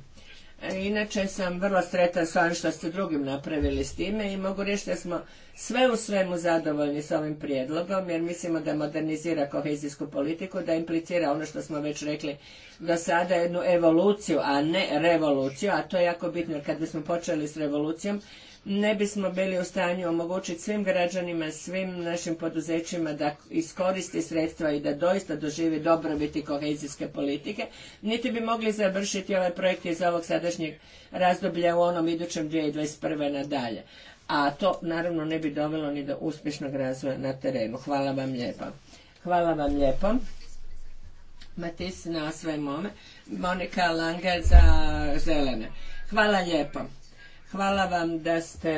Inače sam vrlo sretan s ovim što ste drugim napravili s time i mogu reći da smo sve u svemu zadovoljni s ovim prijedlogom jer mislimo da modernizira kohezijsku politiku, da implicira ono što smo već rekli do sada, jednu evoluciju, a ne revoluciju, a to je jako bitno jer kad bismo počeli s revolucijom ne bismo bili u stanju omogućiti svim građanima, svim našim poduzećima da iskoristi sredstva i da doista doživi dobrobiti kohezijske politike, niti bi mogli završiti ovaj projekt iz ovog sadašnjeg razdoblja u onom idućem 2021. nadalje. A to naravno ne bi dovelo ni do uspješnog razvoja na terenu. Hvala vam lijepo. Hvala vam lijepo. Matis na svoj mome Monika Lange za zelene. Hvala lijepo. Hvala vam da ste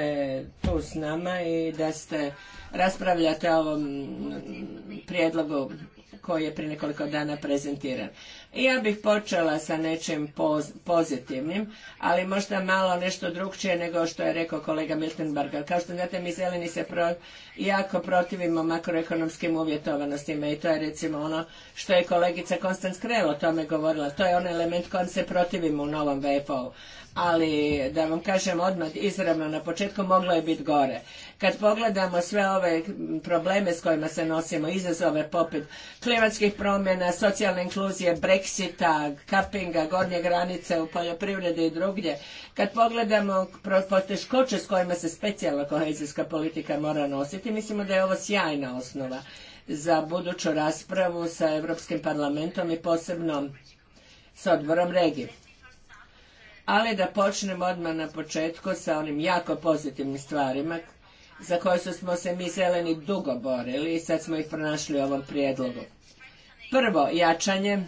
tu s nama i da ste raspravljate o ovom prijedlogu koji je prije nekoliko dana prezentiran. Ja bih počela sa nečim pozitivnim, ali možda malo nešto drukčije nego što je rekao kolega Miltenberger. Kao što znate, mi zeleni se jako protivimo makroekonomskim uvjetovanostima i to je recimo ono što je kolegica Konstanc Krel o tome govorila. To je onaj element kojem se protivimo u novom VFO-u ali da vam kažem odmah izravno na početku moglo je biti gore. Kad pogledamo sve ove probleme s kojima se nosimo, izazove poput klimatskih promjena, socijalne inkluzije, Brexita, kapinga, gornje granice u poljoprivredi i drugdje, kad pogledamo poteškoće s kojima se specijalna kohezijska politika mora nositi, mislimo da je ovo sjajna osnova za buduću raspravu sa Europskim parlamentom i posebno s odborom regije. Ali da počnem odmah na početku sa onim jako pozitivnim stvarima za koje smo se mi zeleni dugo borili i sad smo ih pronašli u ovom prijedlogu. Prvo, jačanje eh,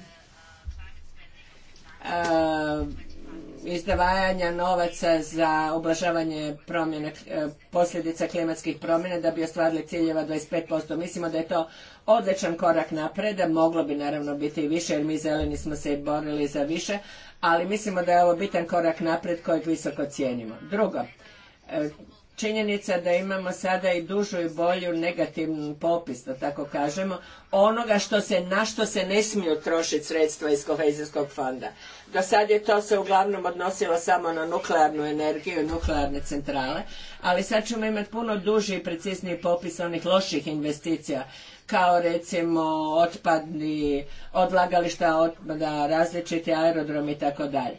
izdavajanja novaca za ublažavanje eh, posljedica klimatskih promjena da bi ostvarili ciljeva 25%. Mislimo da je to odličan korak napreda, moglo bi naravno biti i više jer mi zeleni smo se i borili za više, ali mislimo da je ovo bitan korak napred kojeg visoko cijenimo. Drugo, eh, činjenica da imamo sada i dužu i bolju negativnu popis, da tako kažemo, onoga što se, na što se ne smiju trošiti sredstva iz kohezijskog fonda. Do sad je to se uglavnom odnosilo samo na nuklearnu energiju i nuklearne centrale, ali sad ćemo imati puno duži i precizniji popis onih loših investicija kao recimo otpadni odlagališta otpada, različiti aerodromi i tako dalje.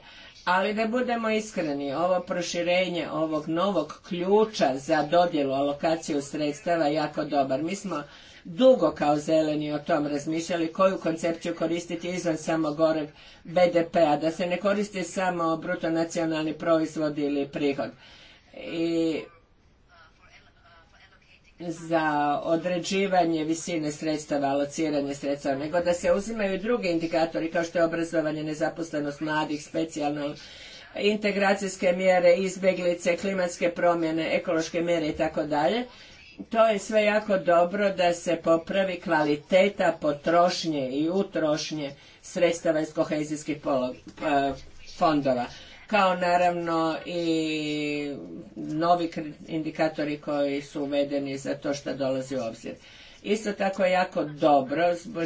Ali da budemo iskreni, ovo proširenje ovog novog ključa za dodjelu alokaciju sredstava je jako dobar. Mi smo dugo kao zeleni o tom razmišljali koju koncepciju koristiti izvan samo gore BDP-a, da se ne koristi samo bruto nacionalni proizvod ili prihod. I za određivanje visine sredstava, alociranje sredstava, nego da se uzimaju drugi indikatori kao što je obrazovanje, nezaposlenost mladih, specijalno integracijske mjere, izbjeglice, klimatske promjene, ekološke mjere i tako dalje. To je sve jako dobro da se popravi kvaliteta potrošnje i utrošnje sredstava iz kohezijskih eh, fondova kao naravno i novi indikatori koji su uvedeni za to što dolazi u obzir. Isto tako je jako dobro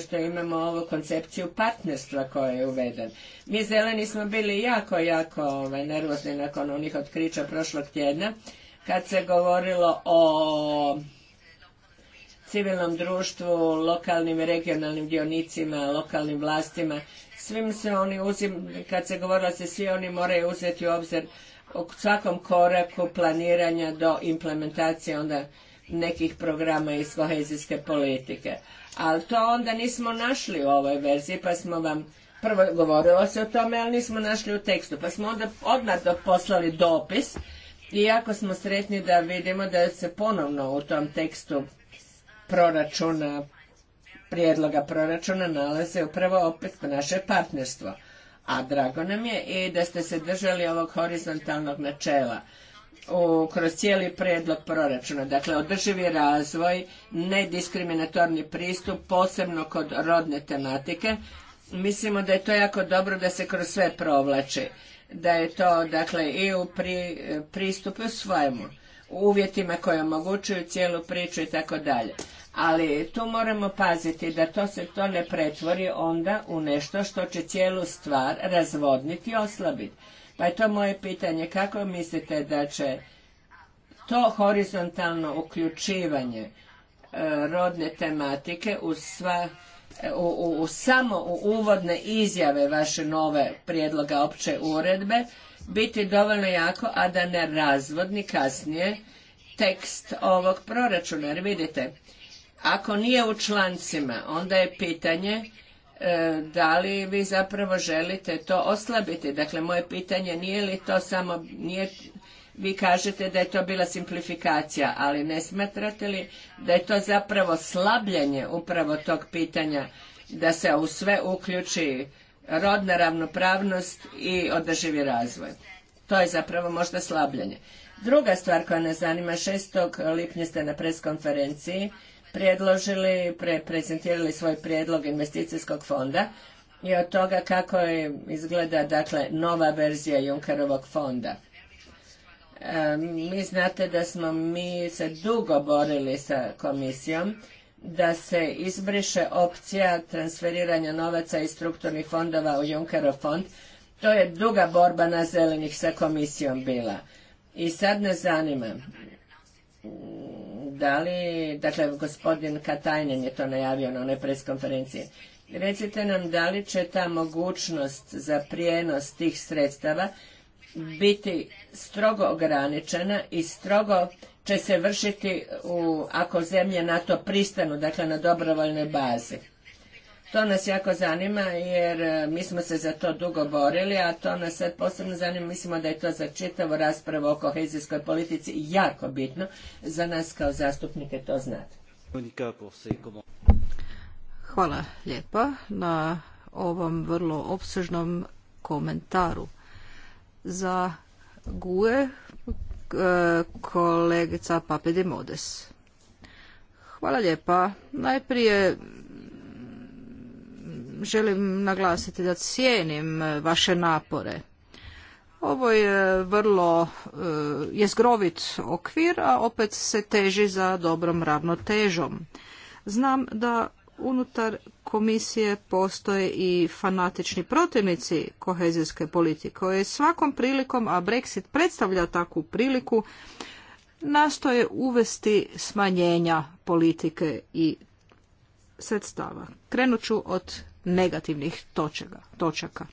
što imamo ovu koncepciju partnerstva koja je uveden. Mi zeleni smo bili jako, jako ovaj, nervozni nakon onih otkrića prošlog tjedna kad se govorilo o civilnom društvu, lokalnim i regionalnim dionicima, lokalnim vlastima svim se oni uzim, kad se govorilo se svi oni moraju uzeti u obzir u svakom koraku planiranja do implementacije onda nekih programa iz kohezijske politike. Ali to onda nismo našli u ovoj verziji, pa smo vam prvo govorilo se o tome, ali nismo našli u tekstu. Pa smo onda odmah poslali dopis i jako smo sretni da vidimo da se ponovno u tom tekstu proračuna prijedloga proračuna nalaze upravo opet naše partnerstvo. A drago nam je i da ste se držali ovog horizontalnog načela kroz cijeli prijedlog proračuna. Dakle, održivi razvoj, nediskriminatorni pristup, posebno kod rodne tematike. Mislimo da je to jako dobro da se kroz sve provlači. Da je to, dakle, i u pristupu svojemu, u uvjetima koji omogućuju cijelu priču i tako dalje ali tu moramo paziti da to se to ne pretvori onda u nešto što će cijelu stvar razvodniti i oslabiti. Pa je to moje pitanje, kako mislite da će to horizontalno uključivanje e, rodne tematike u sva e, u, samo u uvodne izjave vaše nove prijedloga opće uredbe biti dovoljno jako, a da ne razvodni kasnije tekst ovog proračuna. Jer vidite, ako nije u člancima, onda je pitanje e, da li vi zapravo želite to oslabiti. Dakle, moje pitanje nije li to samo, nije, vi kažete da je to bila simplifikacija, ali ne smatrate li da je to zapravo slabljenje upravo tog pitanja da se u sve uključi rodna ravnopravnost i održivi razvoj. To je zapravo možda slabljenje. Druga stvar koja nas zanima, 6. lipnja ste na preskonferenciji predložili, pre prezentirali svoj prijedlog investicijskog fonda i od toga kako je izgleda dakle nova verzija Junkerovog fonda. mi znate da smo mi se dugo borili sa komisijom da se izbriše opcija transferiranja novaca iz strukturnih fondova u Junkerov fond. To je duga borba na zelenih sa komisijom bila. I sad nas zanima, da li, dakle gospodin Katajnen je to najavio na onoj preskonferenciji, recite nam da li će ta mogućnost za prijenos tih sredstava biti strogo ograničena i strogo će se vršiti u, ako zemlje na to pristanu, dakle na dobrovoljnoj bazi. To nas jako zanima jer e, mi smo se za to dugo borili, a to nas sad posebno zanima. Mislimo da je to za čitavu raspravu o kohezijskoj politici jako bitno za nas kao zastupnike to znati. Hvala lijepa na ovom vrlo opsežnom komentaru. Za GUE e, kolegica Papedi Hvala lijepa. Najprije želim naglasiti da cijenim e, vaše napore. Ovo je vrlo e, jezgrovit okvir, a opet se teži za dobrom ravnotežom. Znam da unutar komisije postoje i fanatični protivnici kohezijske politike koje svakom prilikom, a Brexit predstavlja takvu priliku, nastoje uvesti smanjenja politike i sredstava. Krenut ću od negativnih točega, točaka.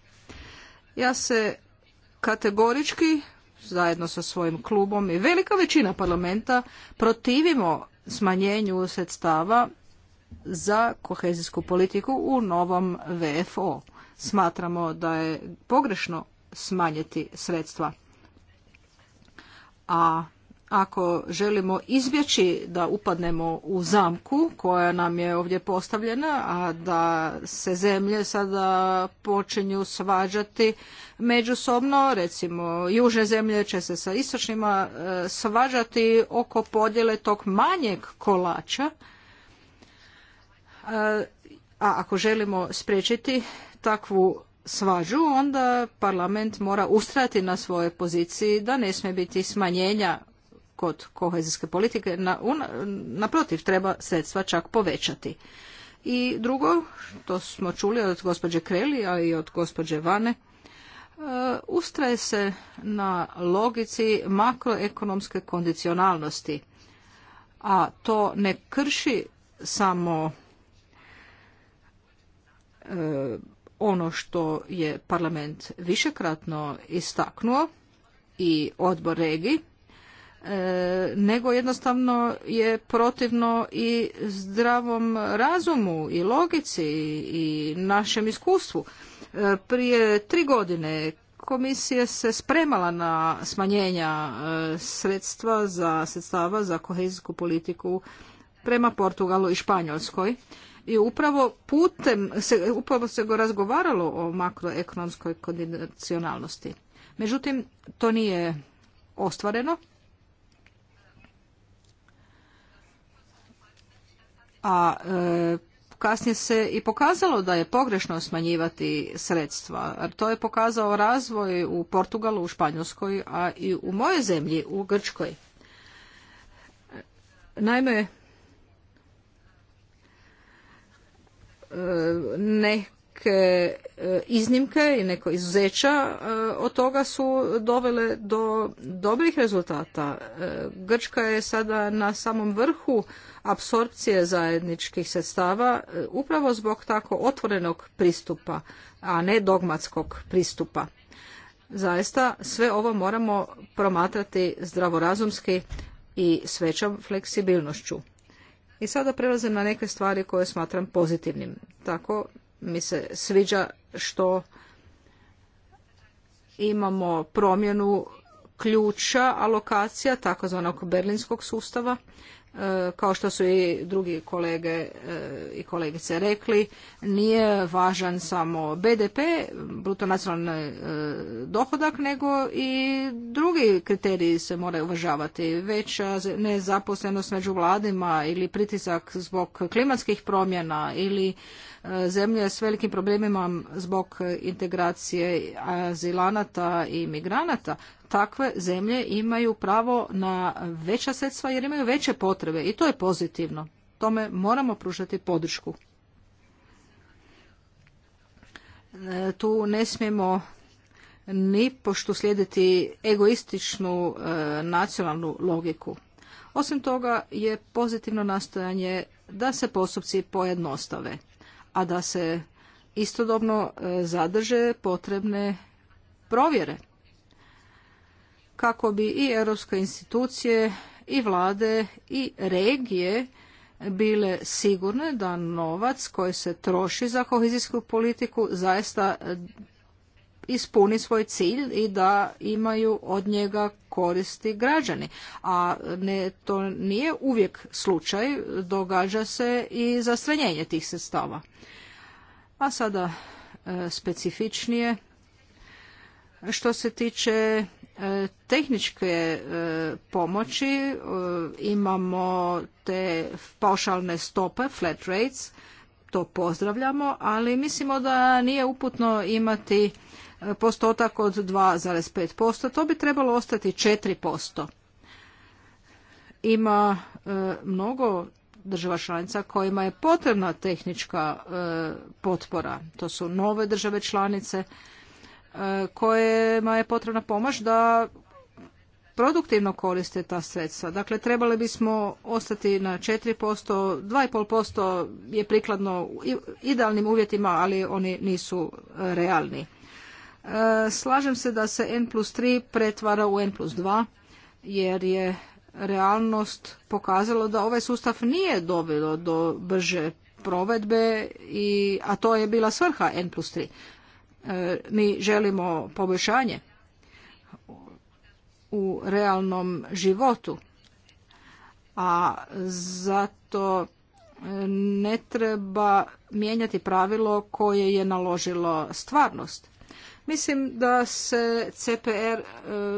Ja se kategorički zajedno sa svojim klubom i velika većina parlamenta protivimo smanjenju sredstava za kohezijsku politiku u novom VFO. Smatramo da je pogrešno smanjiti sredstva. A ako želimo izbjeći da upadnemo u zamku koja nam je ovdje postavljena, a da se zemlje sada počinju svađati međusobno, recimo južne zemlje će se sa istočnima e, svađati oko podjele tog manjeg kolača, e, a ako želimo spriječiti takvu svađu, onda parlament mora ustrajati na svojoj poziciji da ne smije biti smanjenja kod kohezijske politike. Naprotiv, treba sredstva čak povećati. I drugo, to smo čuli od gospođe Kreli, a i od gospođe Vane, e, ustraje se na logici makroekonomske kondicionalnosti, a to ne krši samo e, ono što je parlament višekratno istaknuo i odbor regiji, E, nego jednostavno je protivno i zdravom razumu i logici i našem iskustvu. E, prije tri godine komisija se spremala na smanjenja e, sredstva za sredstava za kohezijsku politiku prema Portugalu i Španjolskoj. I upravo putem, se, upravo se go razgovaralo o makroekonomskoj kondicionalnosti. Međutim, to nije ostvareno a e, kasnije se i pokazalo da je pogrešno smanjivati sredstva. To je pokazao razvoj u Portugalu, u Španjolskoj, a i u mojoj zemlji, u Grčkoj. Naime, e, ne neke iznimke i neko izuzeća e, od toga su dovele do dobrih rezultata. E, Grčka je sada na samom vrhu apsorpcije zajedničkih sredstava e, upravo zbog tako otvorenog pristupa, a ne dogmatskog pristupa. Zaista sve ovo moramo promatrati zdravorazumski i s većom fleksibilnošću. I sada prelazim na neke stvari koje smatram pozitivnim. Tako mi se sviđa što imamo promjenu ključa alokacija takozvanog berlinskog sustava E, kao što su i drugi kolege e, i kolegice rekli, nije važan samo BDP, bruto nacionalni e, dohodak, nego i drugi kriteriji se moraju uvažavati. Veća nezaposlenost među vladima ili pritisak zbog klimatskih promjena ili zemlje s velikim problemima zbog integracije azilanata i migranata takve zemlje imaju pravo na veća sredstva jer imaju veće potrebe i to je pozitivno. Tome moramo pružati podršku. E, tu ne smijemo ni pošto slijediti egoističnu e, nacionalnu logiku. Osim toga je pozitivno nastojanje da se postupci pojednostave, a da se istodobno e, zadrže potrebne provjere kako bi i europske institucije i vlade i regije bile sigurne da novac koji se troši za kohezijsku politiku zaista ispuni svoj cilj i da imaju od njega koristi građani. A ne, to nije uvijek slučaj, događa se i zastranjenje tih sredstava. A sada e, specifičnije što se tiče E, tehničke e, pomoći e, imamo te paušalne stope, flat rates, to pozdravljamo, ali mislimo da nije uputno imati postotak od 2,5%, to bi trebalo ostati 4%. Ima mnogo država članica kojima je potrebna tehnička potpora. To su nove države članice, kojima je potrebna pomoć da produktivno koriste ta sredstva. Dakle, trebali bismo ostati na 4%, 2,5% je prikladno idealnim uvjetima, ali oni nisu e, realni. E, slažem se da se N plus 3 pretvara u N plus 2, jer je realnost pokazalo da ovaj sustav nije dovelo do brže provedbe, i, a to je bila svrha N plus mi želimo poboljšanje u realnom životu a zato e, ne treba mijenjati pravilo koje je naložilo stvarnost Mislim da se CPR e,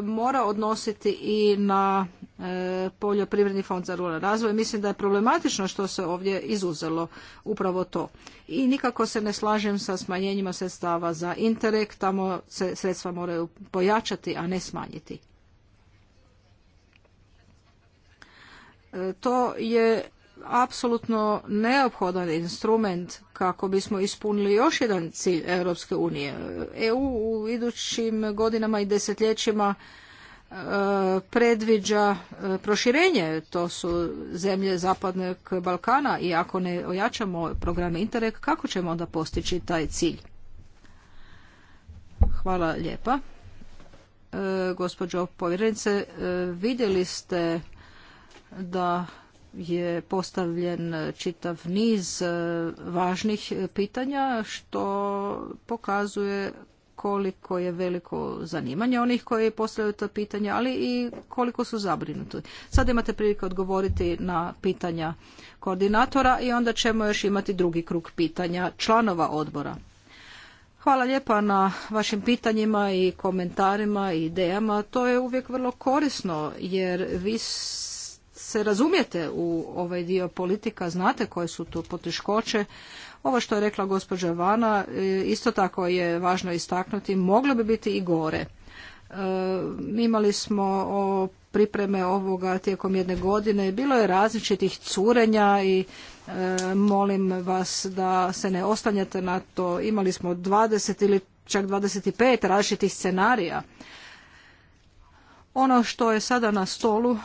mora odnositi i na e, poljoprivredni fond za ruralni razvoj. Mislim da je problematično što se ovdje izuzelo upravo to. I nikako se ne slažem sa smanjenjima sredstava za Interreg, tamo se sredstva moraju pojačati, a ne smanjiti. E, to je apsolutno neophodan instrument kako bismo ispunili još jedan cilj Europske unije. E, EU u idućim godinama i desetljećima e, predviđa e, proširenje, to su zemlje Zapadnog Balkana i ako ne ojačamo program Interreg, kako ćemo onda postići taj cilj? Hvala lijepa. gospođo povjerenice, vidjeli ste da je postavljen čitav niz e, važnih pitanja što pokazuje koliko je veliko zanimanje onih koji postavljaju ta pitanja, ali i koliko su zabrinuti. Sad imate prilike odgovoriti na pitanja koordinatora i onda ćemo još imati drugi krug pitanja članova odbora. Hvala lijepa na vašim pitanjima i komentarima i idejama. To je uvijek vrlo korisno jer vi se razumijete u ovaj dio politika, znate koje su tu poteškoće. Ovo što je rekla gospođa Vana, e, isto tako je važno istaknuti, moglo bi biti i gore. E, imali smo pripreme ovoga tijekom jedne godine, bilo je različitih curenja i e, molim vas da se ne ostanjate na to. Imali smo 20 ili čak 25 različitih scenarija. Ono što je sada na stolu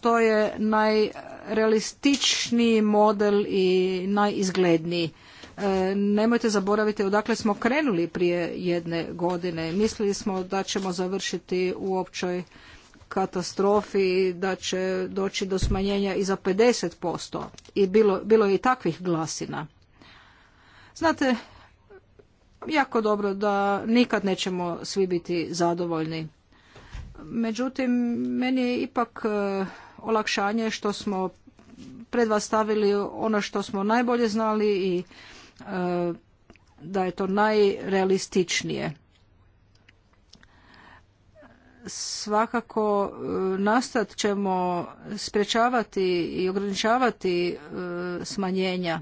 to je najrealističniji model i najizgledniji. E, nemojte zaboraviti odakle smo krenuli prije jedne godine. Mislili smo da ćemo završiti u općoj katastrofi, da će doći do smanjenja i za 50%. I bilo, bilo je i takvih glasina. Znate, jako dobro da nikad nećemo svi biti zadovoljni. Međutim, meni je ipak e, olakšanje što smo pred vas stavili ono što smo najbolje znali i e, da je to najrealističnije. Svakako e, nastat ćemo sprečavati i ograničavati e, smanjenja.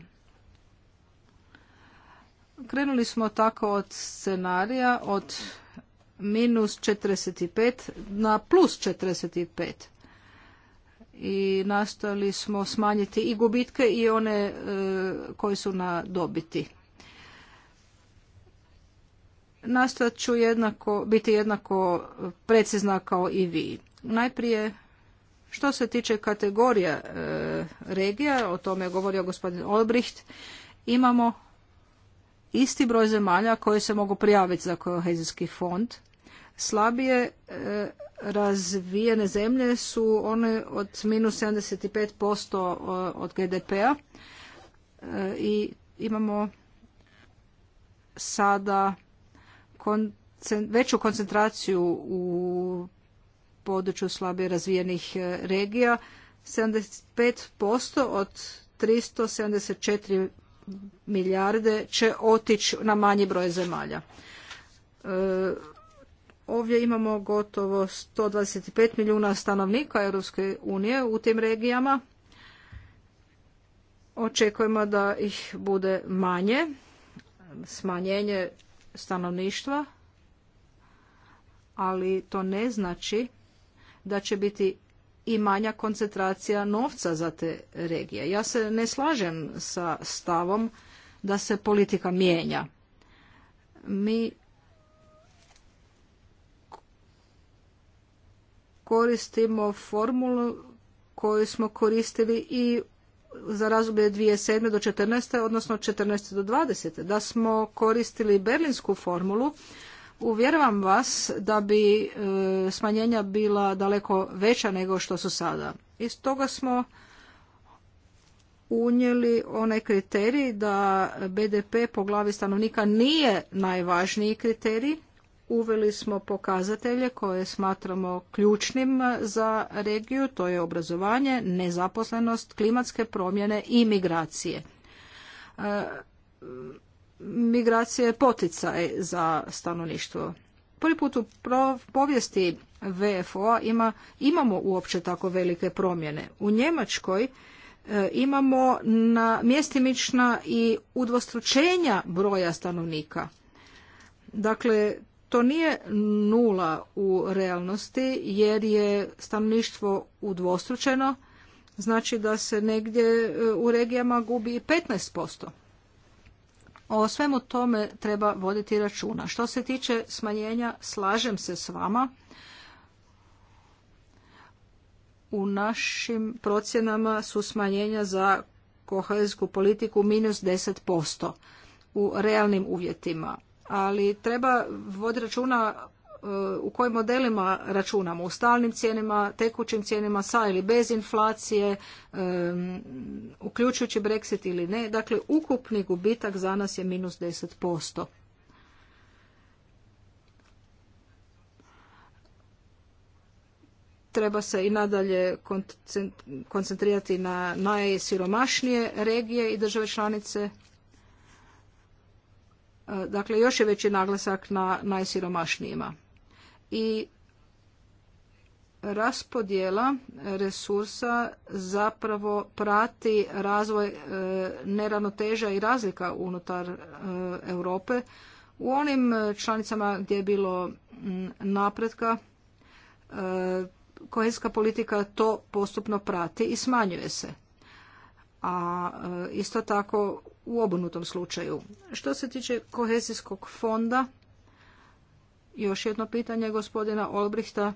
Krenuli smo tako od scenarija od minus 45 na plus 45 i nastojali smo smanjiti i gubitke i one e, koji su na dobiti. Nastojat ću jednako, biti jednako precizna kao i vi. Najprije što se tiče kategorija e, regija, o tome je govorio gospodin Olbricht, imamo isti broj zemalja koje se mogu prijaviti za kohezijski fond. Slabije e, razvijene zemlje su one od minus 75% od GDP-a e, i imamo sada veću koncentraciju u području slabije razvijenih e, regija. 75% od 374 milijarde će otići na manji broj zemalja. E, Ovdje imamo gotovo 125 milijuna stanovnika Europske unije u tim regijama. Očekujemo da ih bude manje, smanjenje stanovništva, ali to ne znači da će biti i manja koncentracija novca za te regije. Ja se ne slažem sa stavom da se politika mijenja. Mi koristimo formulu koju smo koristili i za razdoblje 2007. do 14. odnosno 14. do 20. Da smo koristili berlinsku formulu, uvjeravam vas da bi e, smanjenja bila daleko veća nego što su sada. Iz toga smo unijeli onaj kriterij da BDP po glavi stanovnika nije najvažniji kriterij, uveli smo pokazatelje koje smatramo ključnim za regiju, to je obrazovanje, nezaposlenost, klimatske promjene i migracije. E, Migracija je poticaj za stanovništvo. Prvi put u povijesti VFO-a ima, imamo uopće tako velike promjene. U Njemačkoj e, imamo na mjestimična i udvostručenja broja stanovnika. Dakle, to nije nula u realnosti jer je stanovništvo udvostručeno, znači da se negdje e, u regijama gubi 15%. O svemu tome treba voditi računa. Što se tiče smanjenja, slažem se s vama. U našim procjenama su smanjenja za kohezijsku politiku minus 10% u realnim uvjetima ali treba voditi računa e, u kojim modelima računamo, u stalnim cijenima, tekućim cijenima, sa ili bez inflacije, e, uključujući Brexit ili ne. Dakle, ukupni gubitak za nas je minus 10%. treba se i nadalje koncentrirati na najsiromašnije regije i države članice E, dakle, još je veći naglasak na najsiromašnijima. I raspodjela resursa zapravo prati razvoj e, neravnoteža i razlika unutar e, Europe. U onim članicama gdje je bilo napretka, kohenska politika to postupno prati i smanjuje se. A isto tako u obunutom slučaju. Što se tiče kohezijskog fonda, još jedno pitanje gospodina Olbrihta.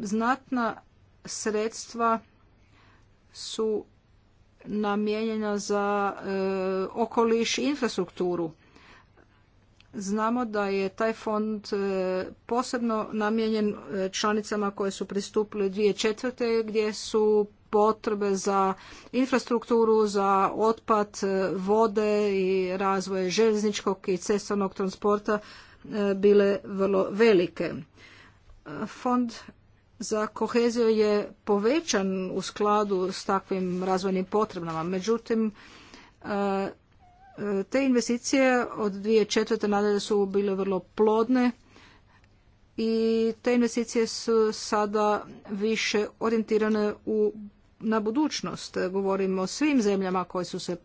Znatna sredstva su namijenjena za e, okoliš i infrastrukturu. Znamo da je taj fond e, posebno namijenjen e, članicama koje su pristupile dvije četvrte gdje su potrebe za infrastrukturu, za otpad e, vode i razvoj željezničkog i cestovnog transporta e, bile vrlo velike. E, Fond za koheziju je povećan u skladu s takvim razvojnim potrebama. Međutim, te investicije od četiri nadalje su bile vrlo plodne i te investicije su sada više orijentirane u na budućnost, govorimo o svim zemljama koje su se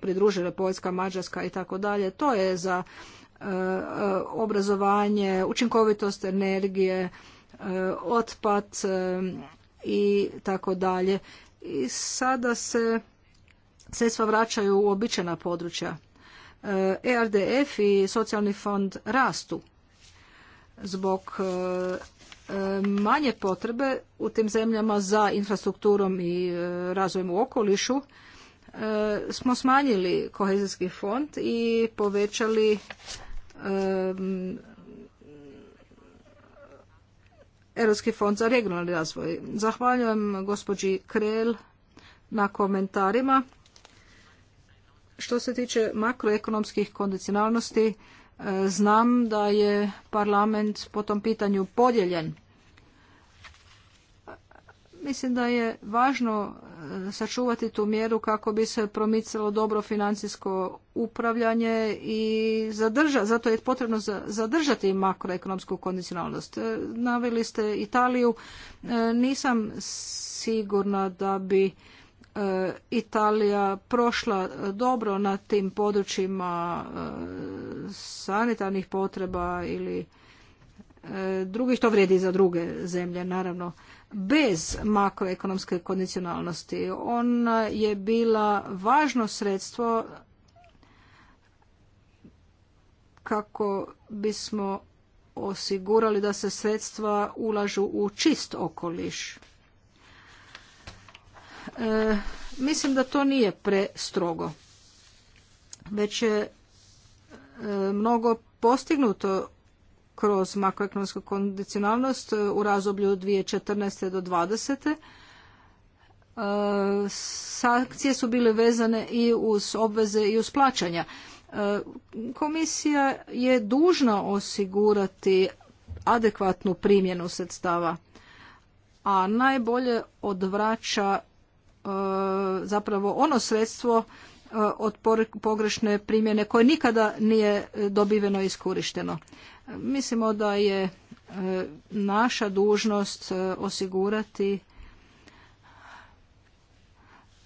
pridružile, Poljska, Mađarska i tako dalje, to je za e, e, obrazovanje, učinkovitost energije, e, otpad i tako dalje. I sada se sredstva vraćaju u običajna područja. ERDF i socijalni fond rastu zbog manje potrebe u tim zemljama za infrastrukturom i e, razvojem u okolišu e, smo smanjili kohezijski fond i povećali e, Europski fond za regionalni razvoj. Zahvaljujem gospođi Krel na komentarima. Što se tiče makroekonomskih kondicionalnosti, Znam da je parlament po tom pitanju podijeljen. Mislim da je važno e, sačuvati tu mjeru kako bi se promicalo dobro financijsko upravljanje i zadrža, zato je potrebno zadržati makroekonomsku kondicionalnost. E, naveli ste Italiju, e, nisam sigurna da bi E, Italija prošla dobro na tim područjima e, sanitarnih potreba ili e, drugih, to vrijedi i za druge zemlje naravno, bez makroekonomske kondicionalnosti. Ona je bila važno sredstvo kako bismo osigurali da se sredstva ulažu u čist okoliš. E, mislim da to nije prestrogo. Već je e, mnogo postignuto kroz makroekonomsku kondicionalnost e, u razoblju 2014. do 2020 sankcije su bile vezane i uz obveze i uz plaćanja. Komisija je dužna osigurati adekvatnu primjenu sredstava, a najbolje odvraća E, zapravo ono sredstvo e, od pogrešne primjene koje nikada nije dobiveno i iskorišteno. Mislimo da je e, naša dužnost osigurati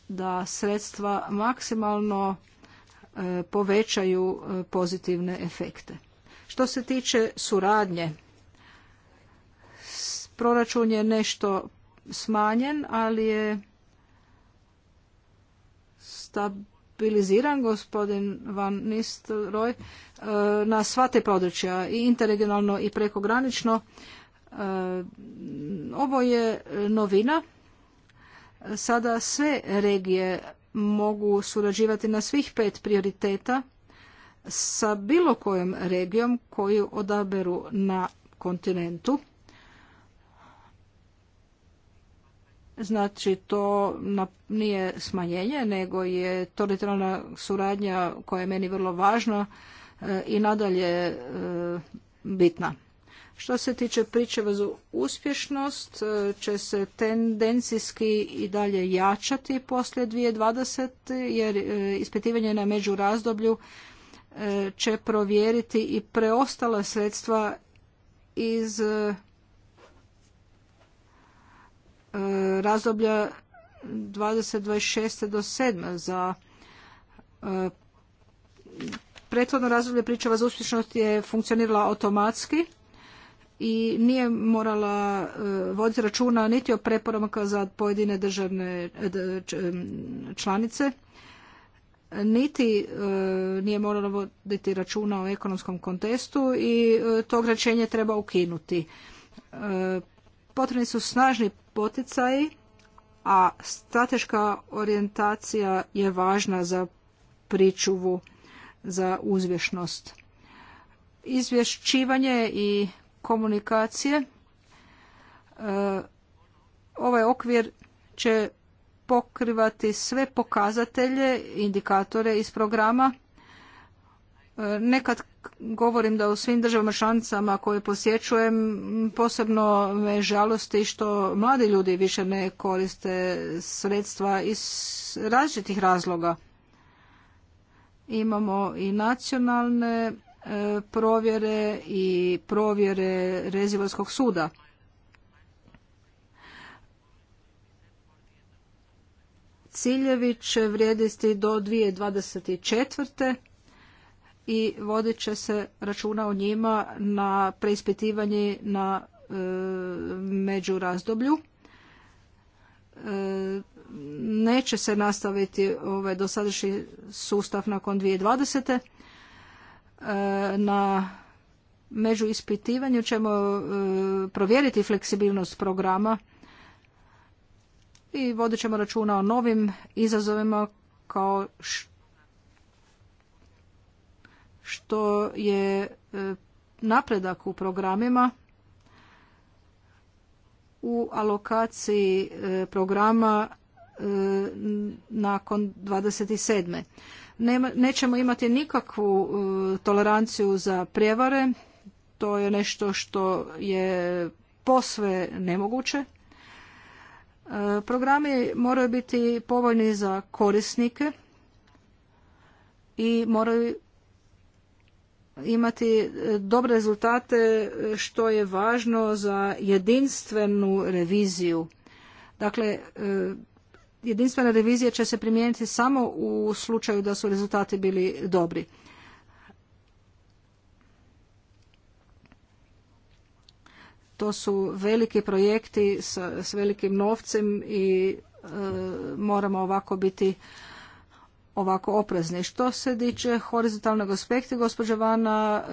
da sredstva maksimalno povećaju pozitivne efekte. Što se tiče suradnje, proračun je nešto smanjen, ali je stabiliziran gospodin Van Nistelrooy e, na sva te područja i interregionalno i prekogranično. E, ovo je novina. Sada sve regije mogu surađivati na svih pet prioriteta sa bilo kojom regijom koju odaberu na kontinentu Znači to nije smanjenje, nego je teritorijalna suradnja koja je meni vrlo važna e, i nadalje e, bitna. Što se tiče priče za uspješnost, e, će se tendencijski i dalje jačati poslije 2020, jer ispitivanje na razdoblju će provjeriti i preostala sredstva iz razdoblja 2026. do 7. za e, prethodno razdoblje pričava za uspješnost je funkcionirala automatski i nije morala e, voditi računa niti o preporomaka za pojedine državne e, članice, niti nije morala voditi računa o ekonomskom kontestu i to ograničenje treba ukinuti. Potrebni su snažni poticaji, a strateška orijentacija je važna za pričuvu za uzvješnost. Izvješćivanje i komunikacije. E, ovaj okvir će pokrivati sve pokazatelje, indikatore iz programa Nekad govorim da u svim državama članicama koje posjećujem posebno me žalosti što mladi ljudi više ne koriste sredstva iz različitih razloga. Imamo i nacionalne e, provjere i provjere rezivorskog suda. Ciljevi će vrijediti do 2024 i vodit će se računa o njima na preispitivanje na e, među razdoblju. E, neće se nastaviti ovaj dosadašnji sustav nakon 2020. E, na među ispitivanju ćemo e, provjeriti fleksibilnost programa i vodit ćemo računa o novim izazovima kao što što je e, napredak u programima u alokaciji e, programa e, nakon 27. Nećemo imati nikakvu toleranciju za prijevare. To je nešto što je posve nemoguće. Programi moraju biti povoljni za korisnike i moraju imati e, dobre rezultate e, što je važno za jedinstvenu reviziju. Dakle, e, jedinstvena revizija će se primijeniti samo u slučaju da su rezultati bili dobri. To su veliki projekti s velikim novcem i moramo ovako biti ovako oprezni. Što se tiče horizontalnog aspekta, gospođa Vana, e,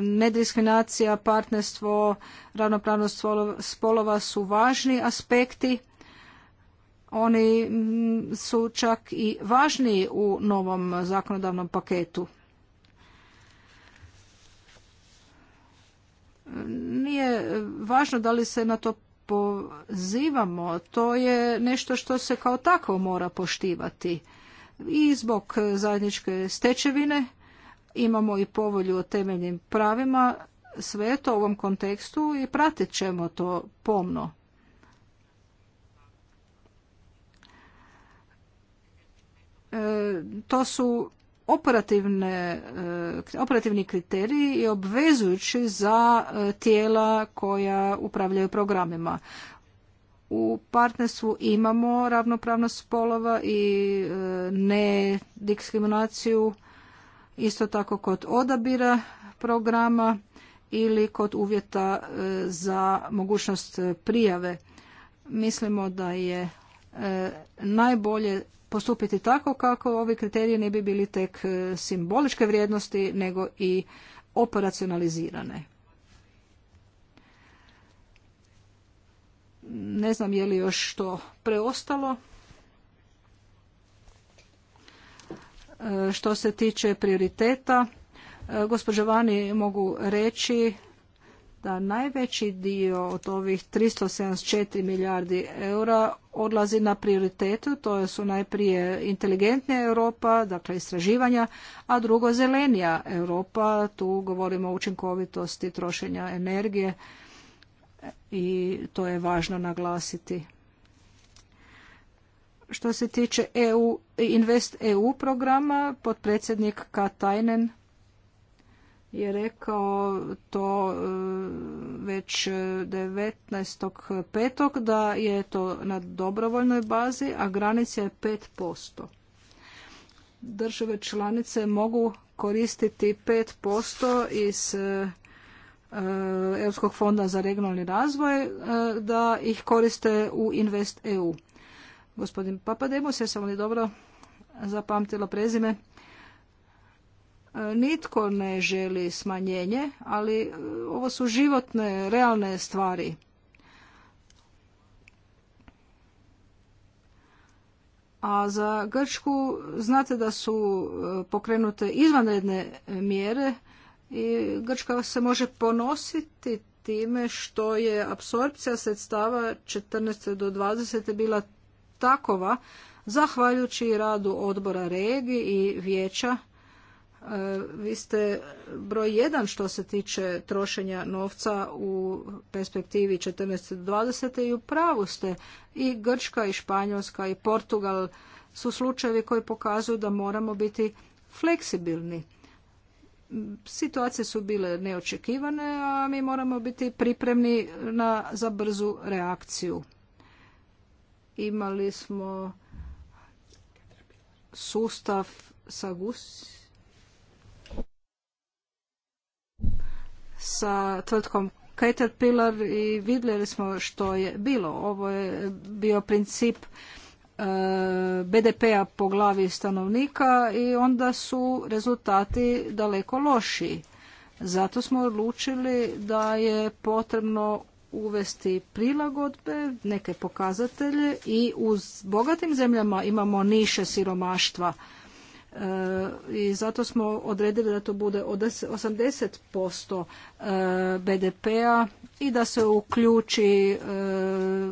nediskriminacija, partnerstvo, ravnopravnost spolova su važni aspekti. Oni mm, su čak i važniji u novom zakonodavnom paketu. Nije važno da li se na to pozivamo, to je nešto što se kao tako mora poštivati i zbog zajedničke stečevine imamo i povolju o temeljnim pravima sve to u ovom kontekstu i pratit ćemo to pomno. E, to su e, operativni kriteriji i obvezujući za e, tijela koja upravljaju programima u partnerstvu imamo ravnopravnost spolova i e, ne diskriminaciju isto tako kod odabira programa ili kod uvjeta e, za mogućnost prijave. Mislimo da je e, najbolje postupiti tako kako ovi kriteriji ne bi bili tek simboličke vrijednosti nego i operacionalizirane. Ne znam je li još što preostalo. E, što se tiče prioriteta, e, gospođo Vani mogu reći da najveći dio od ovih 374 milijardi eura odlazi na prioritetu, to su najprije inteligentnija Europa, dakle istraživanja, a drugo zelenija Europa, tu govorimo o učinkovitosti trošenja energije i to je važno naglasiti. Što se tiče EU, Invest EU programa, potpredsjednik Katajnen je rekao to e, već 19.5. da je to na dobrovoljnoj bazi, a granica je 5%. Države članice mogu koristiti 5% iz Eh, Europskog fonda za regionalni razvoj eh, da ih koriste u Invest EU. Gospodin Papademos, jesam li dobro zapamtila prezime? Eh, nitko ne želi smanjenje, ali ovo su životne, realne stvari. A za Grčku znate da su pokrenute izvanredne mjere i Grčka se može ponositi time što je apsorpcija sredstava 14. do 20. bila takova zahvaljujući radu odbora regi i vijeća e, vi ste broj jedan što se tiče trošenja novca u perspektivi 14-20 i u pravu ste. I Grčka i Španjolska i Portugal su slučajevi koji pokazuju da moramo biti fleksibilni situacije su bile neočekivane, a mi moramo biti pripremni na, za brzu reakciju. Imali smo sustav sa GUS, sa tvrtkom Caterpillar i vidjeli smo što je bilo. Ovo je bio princip E, BDP-a po glavi stanovnika i onda su rezultati daleko lošiji. Zato smo odlučili da je potrebno uvesti prilagodbe, neke pokazatelje i u bogatim zemljama imamo niše siromaštva e, i zato smo odredili da to bude od 80% BDP-a i da se uključi e,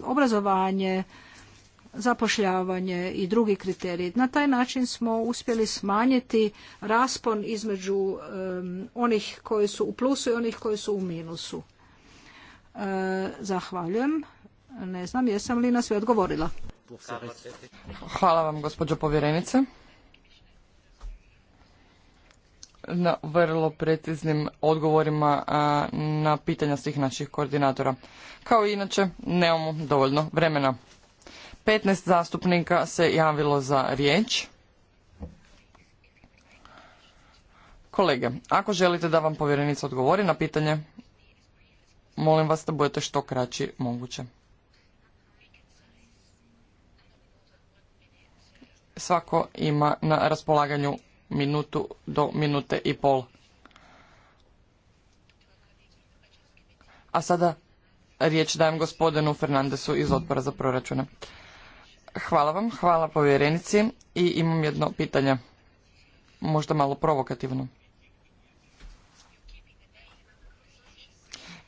obrazovanje, zapošljavanje i drugi kriteriji. Na taj način smo uspjeli smanjiti raspon između onih koji su u plusu i onih koji su u minusu. E, zahvaljujem. Ne znam jesam li na sve odgovorila. Hvala vam gospođo povjerenice na vrlo preciznim odgovorima na pitanja svih naših koordinatora. Kao i inače, nemamo dovoljno vremena. 15 zastupnika se javilo za riječ. Kolege, ako želite da vam povjerenica odgovori na pitanje, molim vas da budete što kraći moguće. Svako ima na raspolaganju minutu do minute i pol. A sada riječ dajem gospodinu Fernandesu iz odbora za proračune. Hvala vam, hvala povjerenici i imam jedno pitanje, možda malo provokativno.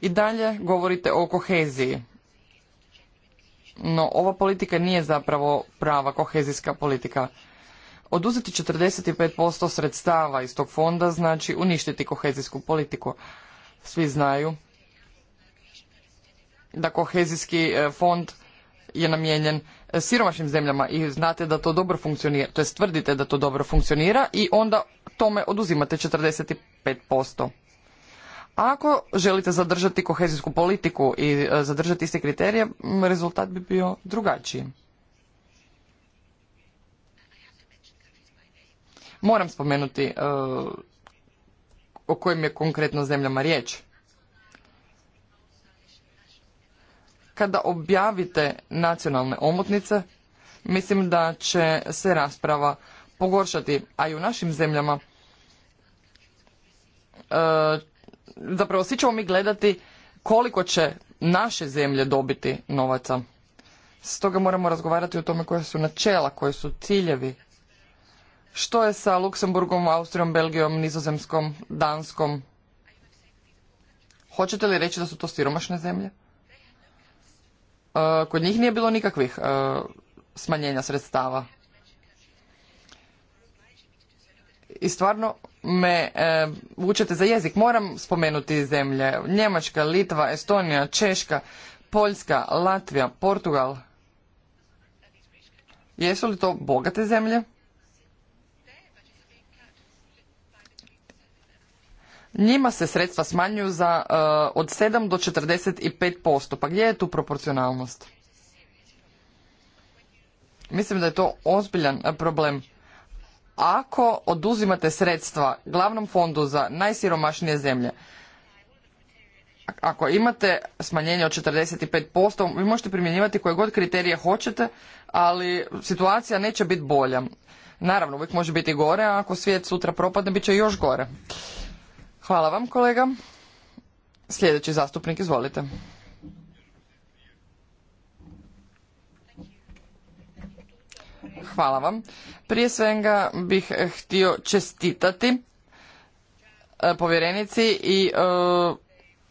I dalje govorite o koheziji. No, ova politika nije zapravo prava kohezijska politika. Oduzeti 45% sredstava iz tog fonda znači uništiti kohezijsku politiku. Svi znaju da kohezijski e, fond je namijenjen e, siromašnim zemljama i znate da to dobro funkcionira, to je tvrdite da to dobro funkcionira i onda tome oduzimate 45%. Ako želite zadržati kohezijsku politiku i e, zadržati iste kriterije, rezultat bi bio drugačiji. Moram spomenuti e, o kojim je konkretno zemljama riječ. Kada objavite nacionalne omotnice, mislim da će se rasprava pogoršati, a i u našim zemljama e, zapravo svi ćemo mi gledati koliko će naše zemlje dobiti novaca. Stoga moramo razgovarati o tome koje su načela, koje su ciljevi. Što je sa Luksemburgom, Austrijom, Belgijom, Nizozemskom, Danskom? Hoćete li reći da su to siromašne zemlje? E, kod njih nije bilo nikakvih e, smanjenja sredstava. I stvarno me e, učete za jezik. Moram spomenuti zemlje. Njemačka, Litva, Estonija, Češka, Poljska, Latvija, Portugal. Jesu li to bogate zemlje? njima se sredstva smanjuju za eh, od 7 do 45%. Pa gdje je tu proporcionalnost? Mislim da je to ozbiljan eh, problem. Ako oduzimate sredstva glavnom fondu za najsiromašnije zemlje, ako imate smanjenje od 45%, vi možete primjenjivati koje god kriterije hoćete, ali situacija neće biti bolja. Naravno, uvijek može biti gore, a ako svijet sutra propadne, bit će još gore. Hvala vam kolega. Sljedeći zastupnik, izvolite. Hvala vam. Prije svega bih eh, htio čestitati eh, povjerenici i eh,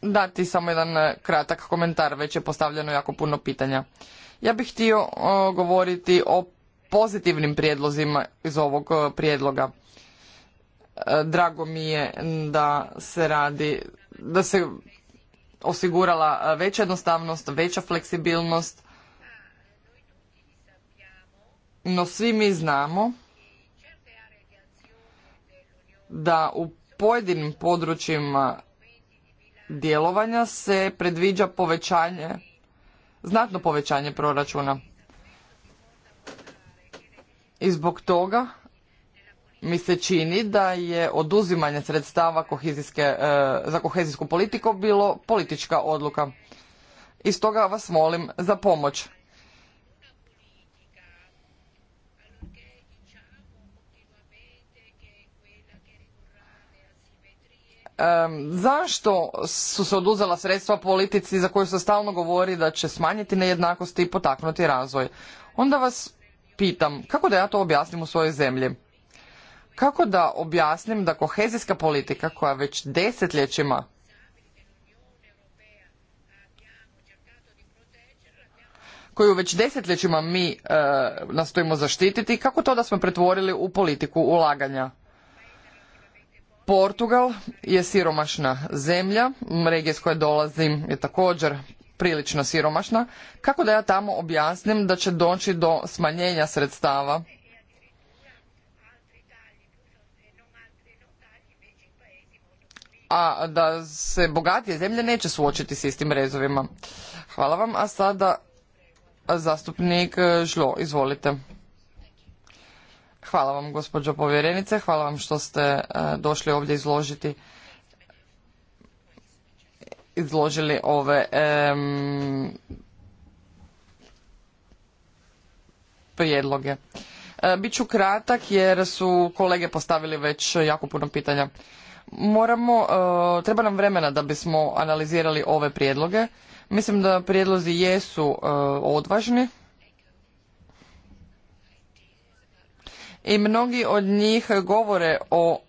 dati samo jedan kratak komentar, već je postavljeno jako puno pitanja. Ja bih htio govoriti o pozitivnim prijedlozima iz ovog prijedloga. E, drago mi je da se radi, da se osigurala e, veća jednostavnost, veća fleksibilnost. No svi mi znamo da u pojedinim područjima djelovanja se predviđa povećanje, znatno povećanje proračuna. I zbog toga mi se čini da je oduzimanje sredstava kohezijske, e, za kohezijsku politiku bilo politička odluka. I stoga vas molim za pomoć. E, zašto su se oduzela sredstva politici za koju se stalno govori da će smanjiti nejednakosti i potaknuti razvoj? Onda vas pitam, kako da ja to objasnim u svojoj zemlji? Kako da objasnim da kohezijska politika koja već desetljećima koju već desetljećima mi e, nastojimo zaštititi, kako to da smo pretvorili u politiku ulaganja? Portugal je siromašna zemlja, regija s koje dolazim je također prilično siromašna. Kako da ja tamo objasnim da će doći do smanjenja sredstava a da se bogatije zemlje neće suočiti s istim rezovima. Hvala vam, a sada zastupnik Žlo, izvolite. Hvala vam, gospođo povjerenice, hvala vam što ste e, došli ovdje izložiti izložili ove prijedloge. E, Biću kratak jer su kolege postavili već jako puno pitanja moramo, e, treba nam vremena da bismo analizirali ove prijedloge. Mislim da prijedlozi jesu e, odvažni. I mnogi od njih govore o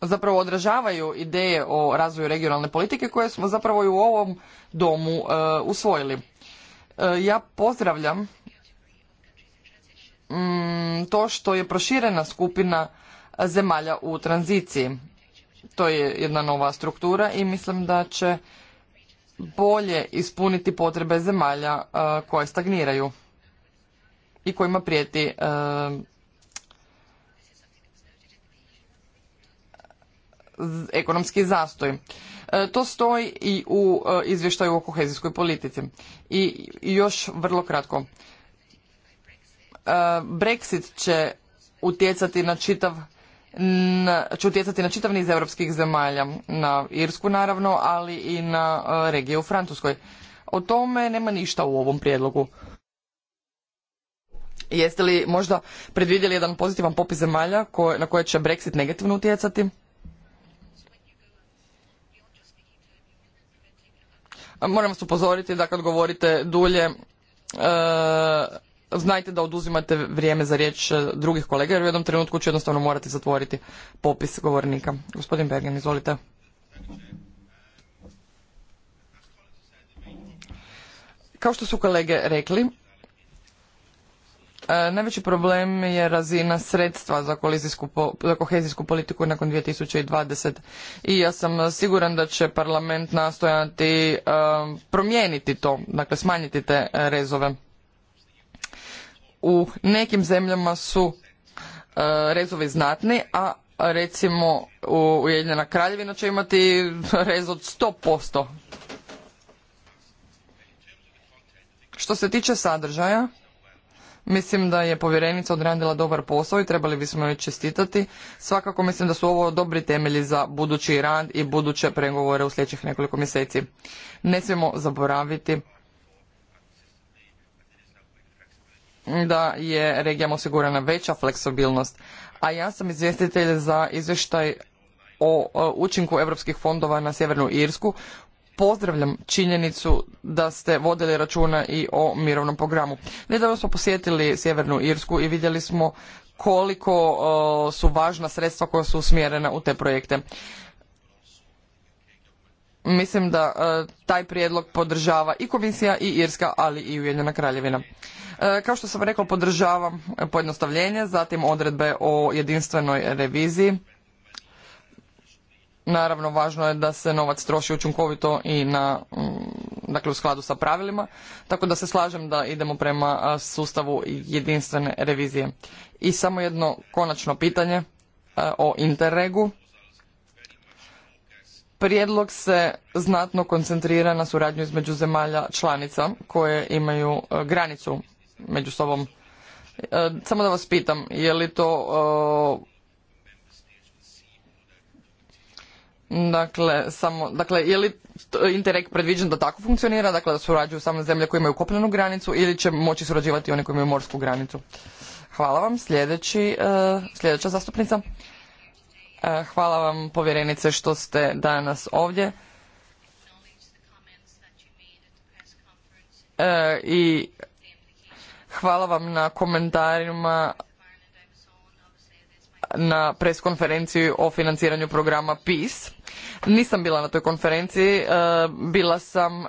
zapravo odražavaju ideje o razvoju regionalne politike koje smo zapravo i u ovom domu e, usvojili. ja pozdravljam mm, to što je proširena skupina zemalja u tranziciji. To je jedna nova struktura i mislim da će bolje ispuniti potrebe zemalja e, koje stagniraju i kojima prijeti e, ekonomski zastoj. E, to stoji i u izvještaju o kohezijskoj politici. I još vrlo kratko. Brexit će utjecati na čitav će utjecati na čitav niz europskih zemalja, na Irsku naravno, ali i na e, regiju u Francuskoj. O tome nema ništa u ovom prijedlogu. Jeste li možda predvidjeli jedan pozitivan popis zemalja na koje će Brexit negativno utjecati? Moram vas upozoriti da kad govorite dulje, e, znajte da oduzimate vrijeme za riječ e, drugih kolega jer u jednom trenutku ću jednostavno morati zatvoriti popis govornika. Gospodin Bergen, izvolite. Kao što su kolege rekli, e, najveći problem je razina sredstva za, za kohezijsku politiku nakon 2020. I ja sam siguran da će parlament nastojati e, promijeniti to, dakle smanjiti te rezove u nekim zemljama su e, rezovi znatni, a recimo u Ujedinjena kraljevina će imati rez od 100%. Što se tiče sadržaja, mislim da je povjerenica odradila dobar posao i trebali bismo joj čestitati. Svakako mislim da su ovo dobri temelji za budući rad i buduće pregovore u sljedećih nekoliko mjeseci. Ne smijemo zaboraviti da je regijama osigurana veća fleksibilnost, a ja sam izvjestitelj za izvještaj o učinku europskih fondova na Sjevernu Irsku. Pozdravljam činjenicu da ste vodili računa i o mirovnom programu. Nedavno smo posjetili Sjevernu Irsku i vidjeli smo koliko su važna sredstva koja su usmjerena u te projekte mislim da e, taj prijedlog podržava i komisija i Irska, ali i Ujedinjena kraljevina. E, kao što sam rekao, podržavam pojednostavljenje, zatim odredbe o jedinstvenoj reviziji. Naravno, važno je da se novac troši učinkovito i na, mm, dakle, u skladu sa pravilima, tako da se slažem da idemo prema sustavu jedinstvene revizije. I samo jedno konačno pitanje o Interregu Prijedlog se znatno koncentrira na suradnju između zemalja članica koje imaju e, granicu među sobom. E, samo da vas pitam, je li to e, Dakle, samo, dakle, je li Interreg predviđen da tako funkcionira, dakle da surađuju samo zemlje koje imaju kopnenu granicu ili će moći surađivati one koje imaju morsku granicu? Hvala vam. Sljedeći, sljedeća zastupnica. E, hvala vam povjerenice što ste danas ovdje. E, I hvala vam na komentarima na preskonferenciji o financiranju programa PIS. Nisam bila na toj konferenciji, e, bila sam, e,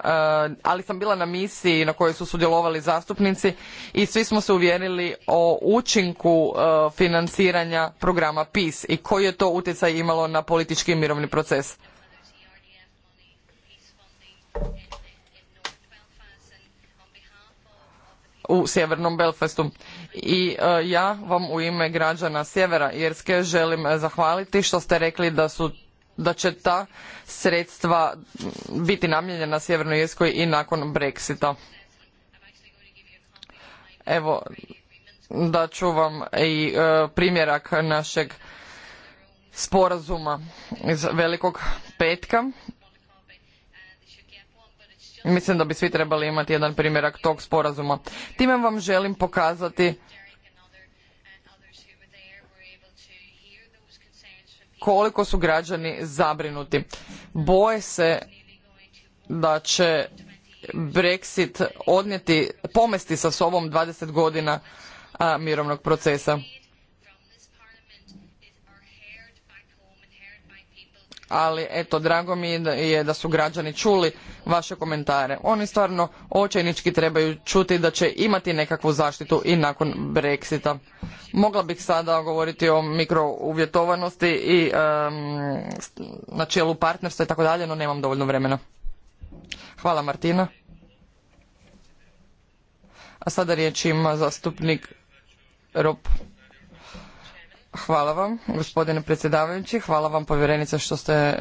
ali sam bila na misiji na kojoj su sudjelovali zastupnici i svi smo se uvjerili o učinku e, financiranja programa PIS i koji je to utjecaj imalo na politički i mirovni proces. u sjevernom Belfastu. I ja vam u ime građana sjevera Irske želim zahvaliti što ste rekli da su da će ta sredstva biti namijenjena Sjevernoj Irskoj i nakon Brexita. Evo, da ću vam i e, primjerak našeg sporazuma iz Velikog petka. Mislim da bi svi trebali imati jedan primjerak tog sporazuma. Time vam želim pokazati koliko su građani zabrinuti. Boje se da će Brexit odnijeti, pomesti sa sobom 20 godina mirovnog procesa. ali eto drago mi je da su građani čuli vaše komentare. Oni stvarno očajnički trebaju čuti da će imati nekakvu zaštitu i nakon Brexita. Mogla bih sada govoriti o mikrouvjetovanosti i um, načelu partnerstva i tako dalje, no nemam dovoljno vremena. Hvala Martina. A sada riječ ima zastupnik Rop. Hvala vam, gospodine predsjedavajući. Hvala vam, povjerenice, što ste e,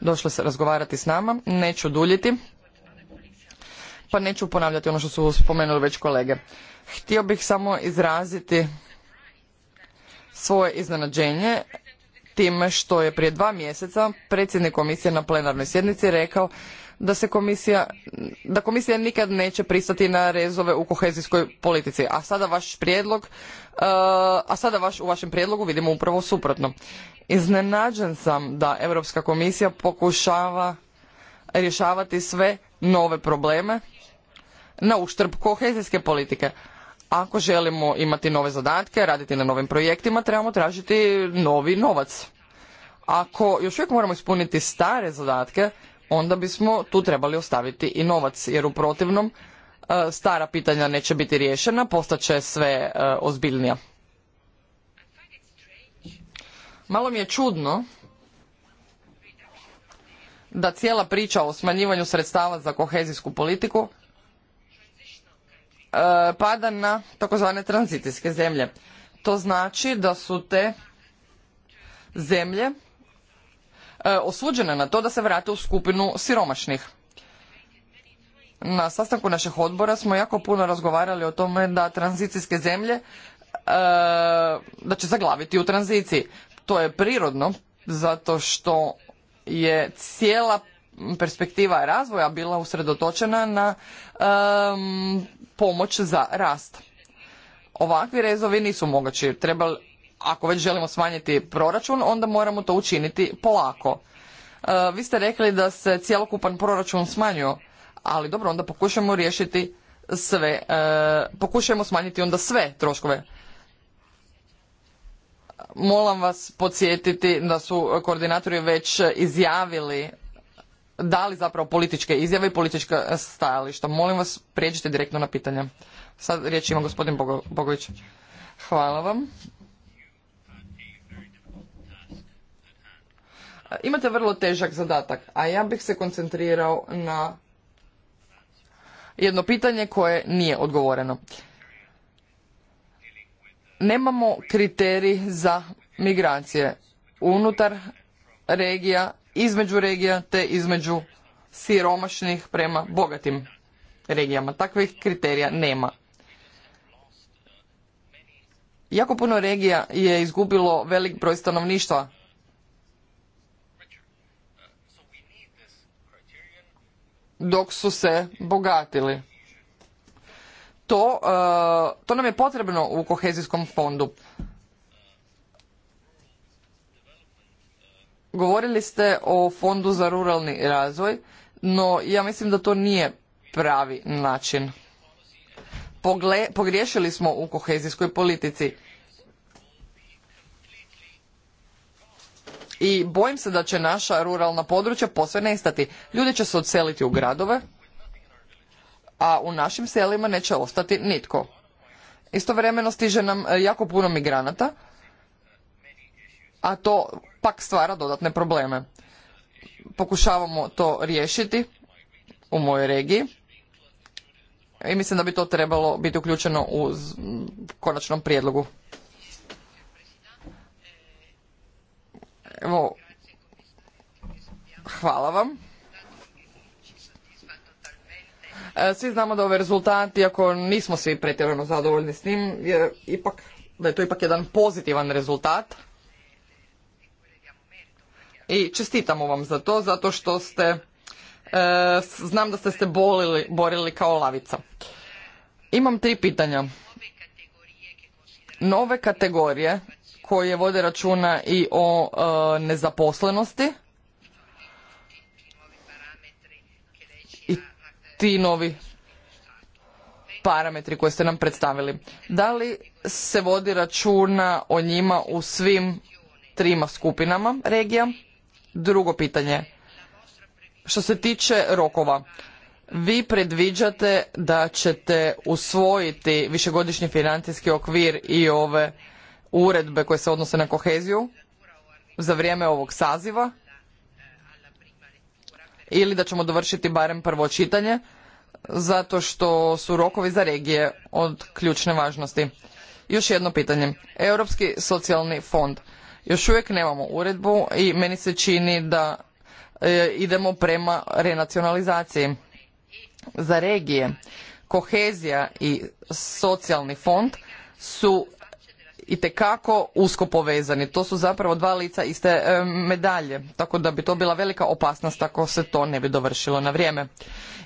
došli razgovarati s nama. Neću duljiti, pa neću ponavljati ono što su spomenuli već kolege. Htio bih samo izraziti svoje iznenađenje time što je prije dva mjeseca predsjednik komisije na plenarnoj sjednici rekao da se komisija, da komisija nikad neće pristati na rezove u kohezijskoj politici. A sada vaš prijedlog, e, a sada u vašem prijedlogu vidimo upravo suprotno. Iznenađen sam da Europska komisija pokušava rješavati sve nove probleme na uštrb kohezijske politike. Ako želimo imati nove zadatke, raditi na novim projektima, trebamo tražiti novi novac. Ako još uvijek moramo ispuniti stare zadatke, onda bismo tu trebali ostaviti i novac jer u protivnom e, stara pitanja neće biti riješena, postaće sve e, ozbiljnija. Malo mi je čudno da cijela priča o smanjivanju sredstava za kohezijsku politiku e, pada na takozvane tranzicijske zemlje. To znači da su te zemlje E, osuđene na to da se vrate u skupinu siromašnih. Na sastanku našeg odbora smo jako puno razgovarali o tome da tranzicijske zemlje e, da će zaglaviti u tranziciji. To je prirodno zato što je cijela perspektiva razvoja bila usredotočena na pomoć za rast. Ovakvi rezovi nisu mogući. trebali ako već želimo smanjiti proračun, onda moramo to učiniti polako. E, vi ste rekli da se cjelokupan proračun smanjio, ali dobro, onda pokušajmo riješiti sve. E, pokušajmo smanjiti onda sve troškove. Molim vas podsjetiti da su koordinatori već izjavili dali zapravo političke izjave i politička stajališta. Molim vas, prijeđite direktno na pitanja. Sad riječ ima gospodin Bogović. Hvala vam. imate vrlo težak zadatak, a ja bih se koncentrirao na jedno pitanje koje nije odgovoreno. Nemamo kriterij za migracije unutar regija, između regija te između siromašnih prema bogatim regijama. Takvih kriterija nema. Jako puno regija je izgubilo velik broj stanovništva dok su se bogatili. To, eh, to nam je potrebno u kohezijskom fondu. Govorili ste o fondu za ruralni razvoj, no ja mislim da to nije pravi način. pogriješili smo u kohezijskoj politici i bojim se da će naša ruralna područja posve nestati. Ljudi će se odseliti u gradove, a u našim selima neće ostati nitko. Istovremeno stiže nam e, jako puno migranata, a to pak stvara dodatne probleme. Pokušavamo to riješiti u mojoj regiji i mislim da bi to trebalo biti uključeno u konačnom prijedlogu. Evo, hvala vam. E, svi znamo da ove rezultati, iako nismo svi pretjerano zadovoljni s njim, je ipak, da je to ipak jedan pozitivan rezultat. I čestitamo vam za to, zato što ste, e, znam da ste se bolili, borili kao lavica. Imam tri pitanja. Nove kategorije koje vode računa i o e, nezaposlenosti i ti novi parametri koje ste nam predstavili. Da li se vodi računa o njima u svim trima skupinama regija? Drugo pitanje. Što se tiče rokova, vi predviđate da ćete usvojiti višegodišnji financijski okvir i ove uredbe koje se odnose na koheziju za vrijeme ovog saziva ili da ćemo dovršiti barem prvo čitanje zato što su rokovi za regije od ključne važnosti. Još jedno pitanje. Europski socijalni fond. Još uvijek nemamo uredbu i meni se čini da e, idemo prema renacionalizaciji. Za regije kohezija i socijalni fond su itekako usko povezani. To su zapravo dva lica iste e, medalje, tako da bi to bila velika opasnost ako se to ne bi dovršilo na vrijeme.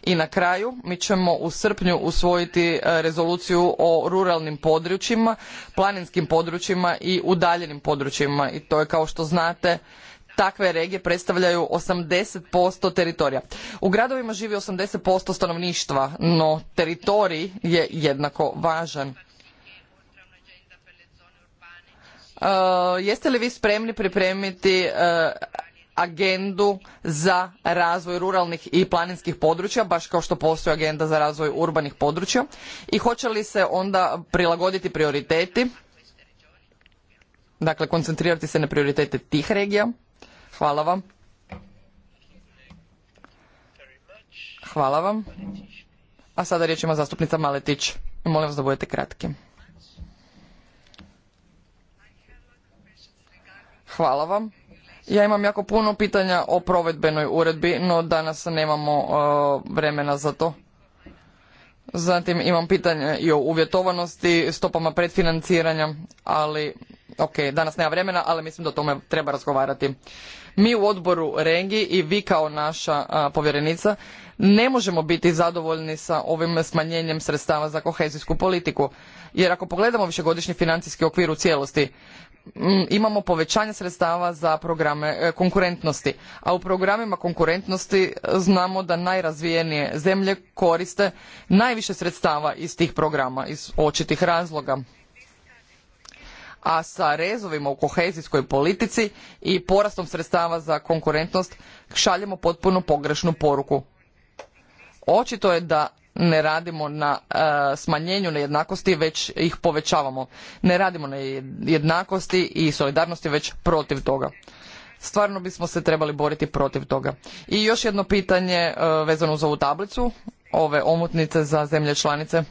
I na kraju mi ćemo u srpnju usvojiti e, rezoluciju o ruralnim područjima, planinskim područjima i udaljenim područjima i to je kao što znate takve regije predstavljaju 80% teritorija. U gradovima živi 80% stanovništva, no teritorij je jednako važan Uh, jeste li vi spremni pripremiti uh, agendu za razvoj ruralnih i planinskih područja, baš kao što postoji agenda za razvoj urbanih područja i hoće li se onda prilagoditi prioriteti, dakle koncentrirati se na prioritete tih regija. Hvala vam. Hvala vam. A sada riječ ima zastupnica Maletić. Molim vas da budete kratki. Hvala vam. Ja imam jako puno pitanja o provedbenoj uredbi, no danas nemamo e, vremena za to. Zatim imam pitanje i o uvjetovanosti, stopama predfinanciranja, ali ok, danas nema vremena, ali mislim da o tome treba razgovarati. Mi u odboru Rengi i vi kao naša povjerenica ne možemo biti zadovoljni sa ovim smanjenjem sredstava za kohezijsku politiku. Jer ako pogledamo višegodišnji financijski okvir u cijelosti, imamo povećanje sredstava za programe e, konkurentnosti a u programima konkurentnosti e, znamo da najrazvijenije zemlje koriste najviše sredstava iz tih programa iz očitih razloga a sa rezovima u kohezijskoj politici i porastom sredstava za konkurentnost šaljemo potpuno pogrešnu poruku očito je da ne radimo na e, smanjenju nejednakosti već ih povećavamo ne radimo na jednakosti i solidarnosti već protiv toga stvarno bismo se trebali boriti protiv toga i još jedno pitanje e, vezano za ovu tablicu ove omotnice za zemlje članice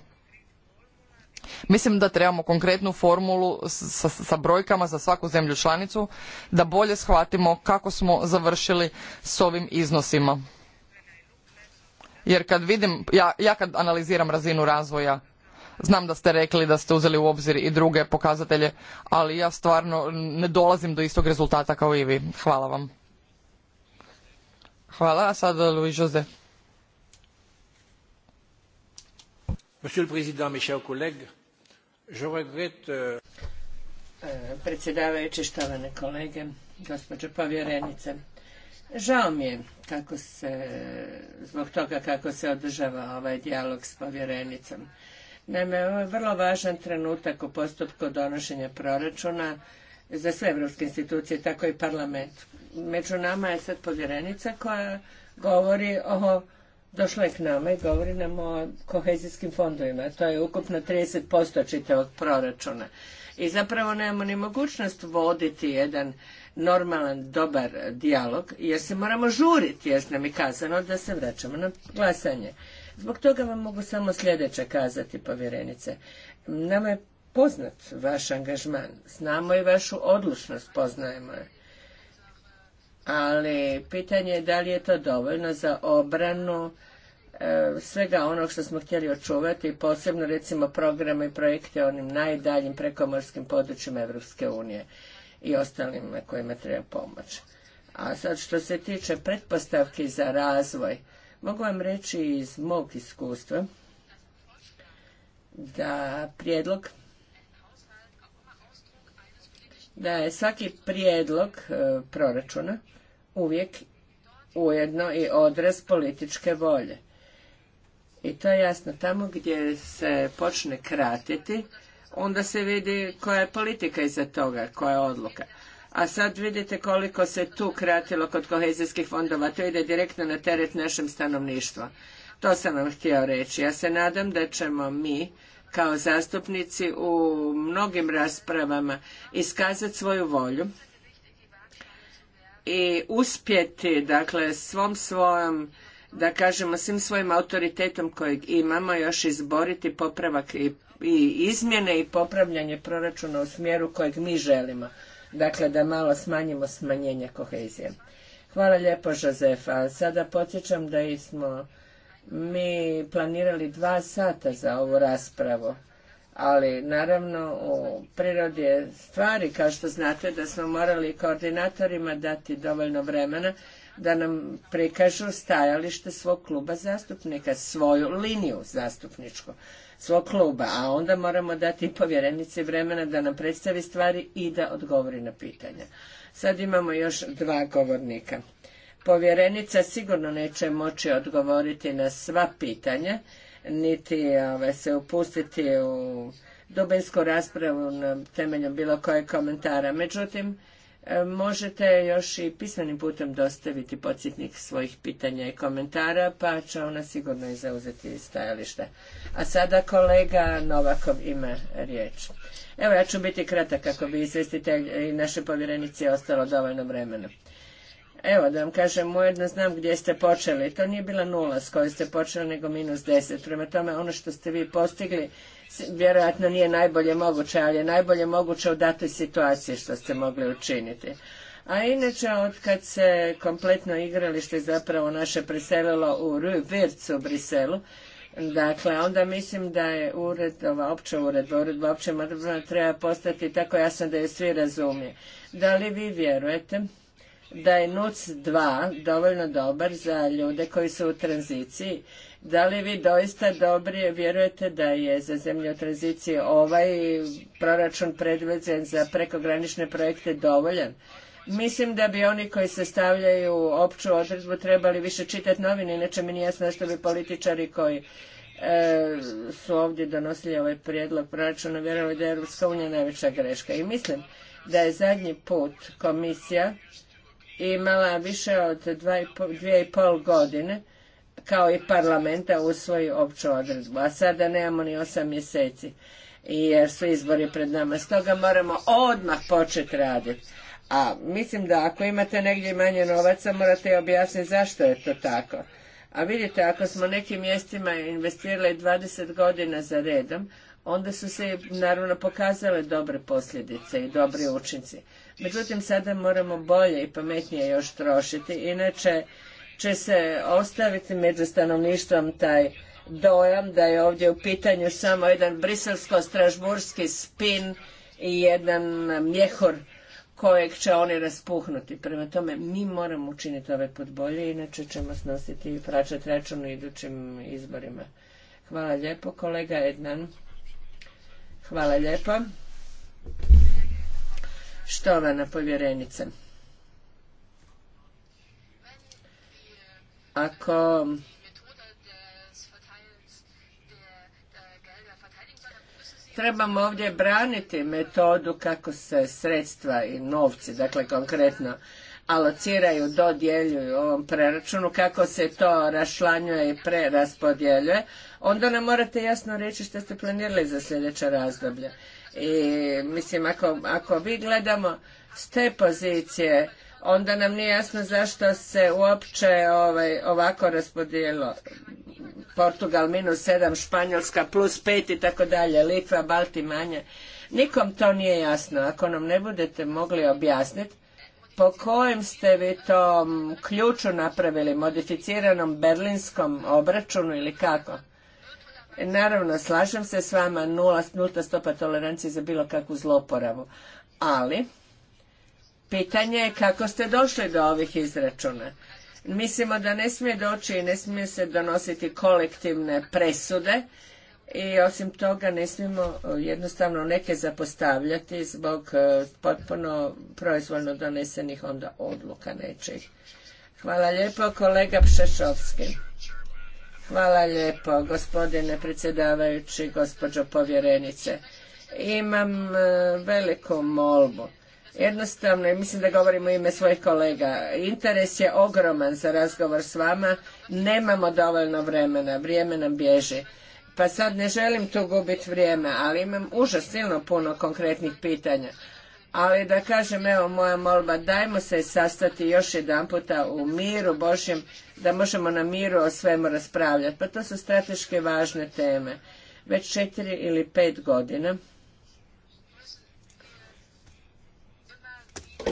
mislim da trebamo konkretnu formulu sa, sa brojkama za svaku zemlju članicu da bolje shvatimo kako smo završili s ovim iznosima jer kad vidim, ja, ja kad analiziram razinu razvoja, znam da ste rekli da ste uzeli u obzir i druge pokazatelje, ali ja stvarno ne dolazim do istog rezultata kao i vi. Hvala vam. Hvala, a sada Louis Jose. Monsieur le Président, mes chers collègues, je regrette... Euh, Predsjedavajući, kolege, gospođo povjerenice, Žao mi je kako se, zbog toga kako se održava ovaj dijalog s povjerenicom. Naime, ovo je vrlo važan trenutak u postupku donošenja proračuna za sve evropske institucije, tako i parlament. Među nama je sad povjerenica koja govori o došla je k nama i govori nam o kohezijskim fondovima. To je ukupno 30% čitavog proračuna. I zapravo nemamo ni mogućnost voditi jedan normalan, dobar dijalog, jer se moramo žuriti, jer nam je kazano da se vraćamo na glasanje. Zbog toga vam mogu samo sljedeće kazati, povjerenice. Nama je poznat vaš angažman, znamo i vašu odlučnost, poznajemo je. Ali pitanje je da li je to dovoljno za obranu e, svega onog što smo htjeli očuvati, posebno recimo programe i projekte onim najdaljim prekomorskim područjima Evropske unije i ostalima kojima treba pomoć. A sad što se tiče pretpostavki za razvoj, mogu vam reći iz mog iskustva da prijedlog da je svaki prijedlog e, proračuna uvijek ujedno i odraz političke volje. I to je jasno, tamo gdje se počne kratiti, onda se vidi koja je politika iza toga, koja je odluka. A sad vidite koliko se tu kratilo kod kohezijskih fondova. To ide direktno na teret našem stanovništva. To sam vam htio reći. Ja se nadam da ćemo mi kao zastupnici u mnogim raspravama iskazati svoju volju i uspjeti dakle svom svojom da kažemo svim svojim autoritetom kojeg imamo još izboriti popravak i i izmjene i popravljanje proračuna u smjeru kojeg mi želimo. Dakle, da malo smanjimo smanjenje kohezije. Hvala lijepo, Žozefa. Sada podsjećam da smo mi planirali dva sata za ovu raspravu, ali naravno u prirodi je stvari, kao što znate, da smo morali koordinatorima dati dovoljno vremena da nam prikažu stajalište svog kluba zastupnika, svoju liniju zastupničku svog kluba, a onda moramo dati povjerenici vremena da nam predstavi stvari i da odgovori na pitanja. Sad imamo još dva govornika. Povjerenica sigurno neće moći odgovoriti na sva pitanja, niti ovaj, se upustiti u dubinsku raspravu na temelju bilo kojeg komentara. Međutim, Možete još i pisanim putem dostaviti podsjetnik svojih pitanja i komentara, pa će ona sigurno i zauzeti stajalište. A sada kolega Novakov ima riječ. Evo ja ću biti kratak kako bi izvjestitelj i naše povjerenici ostalo dovoljno vremena. Evo da vam kažem, ujedno znam gdje ste počeli. To nije bila nula s kojoj ste počeli, nego minus deset. Prema tome, ono što ste vi postigli vjerojatno nije najbolje moguće, ali je najbolje moguće u datoj situaciji što ste mogli učiniti. A inače, od kad se kompletno igralište zapravo naše preselilo u Rue Vircu u Briselu, Dakle, onda mislim da je ured, ova opća uredba, uredba opće treba postati tako jasno da je svi razumije. Da li vi vjerujete da je NUC 2 dovoljno dobar za ljude koji su u tranziciji da li vi doista dobri vjerujete da je za zemlje u tranziciji ovaj proračun predviđen za prekogranične projekte dovoljan? Mislim da bi oni koji se stavljaju opću odredbu trebali više čitati novine, inače mi nije jasno što bi političari koji e, su ovdje donosili ovaj prijedlog proračuna vjerovali da je EU najveća greška. I mislim da je zadnji put komisija imala više od dva i pol godine kao i parlamenta usvoji opću odredbu, a sada nemamo ni osam mjeseci jer su izbori pred nama. Stoga moramo odmah početi raditi. A mislim da ako imate negdje manje novaca morate objasniti zašto je to tako. A vidite, ako smo nekim mjestima investirali 20 godina za redom, onda su se naravno pokazale dobre posljedice i dobri učinci. Međutim, sada moramo bolje i pametnije još trošiti, inače će se ostaviti među stanovništvom taj dojam da je ovdje u pitanju samo jedan briselsko-stražburski spin i jedan mjehur kojeg će oni raspuhnuti. Prema tome, mi moramo učiniti ove put bolje, inače ćemo snositi i praćati račun u idućim izborima. Hvala lijepo, kolega Ednan. Hvala lijepo. Štovana povjerenice. Ako trebamo ovdje braniti metodu kako se sredstva i novci, dakle konkretno, alociraju, dodjeljuju ovom preračunu, kako se to rašlanjuje i preraspodjeljuje, onda nam morate jasno reći što ste planirali za sljedeće razdoblje. I mislim, ako, ako vi gledamo s te pozicije onda nam nije jasno zašto se uopće ovaj, ovako raspodijelo. Portugal minus sedam, Španjolska plus pet i tako dalje, Litva, Balti manje. Nikom to nije jasno. Ako nam ne budete mogli objasniti po kojem ste vi to ključu napravili, modificiranom berlinskom obračunu ili kako? Naravno, slažem se s vama, nula, nulta stopa tolerancije za bilo kakvu zloporavu, ali Pitanje je kako ste došli do ovih izračuna. Mislimo da ne smije doći i ne smije se donositi kolektivne presude i osim toga ne smijemo e, jednostavno neke zapostavljati zbog e, potpuno proizvoljno donesenih onda odluka nečih. Hvala lijepo kolega Pšešovski. Hvala lijepo gospodine predsjedavajući, gospođo povjerenice. Imam e, veliku molbu. Jednostavno, i mislim da govorim u ime svojih kolega, interes je ogroman za razgovor s vama, nemamo dovoljno vremena, vrijeme nam bježi. Pa sad ne želim tu gubiti vrijeme, ali imam užas silno puno konkretnih pitanja. Ali da kažem, evo moja molba, dajmo se sastati još jedanputa u miru Božjem, da možemo na miru o svemu raspravljati. Pa to su strateške važne teme. Već četiri ili pet godina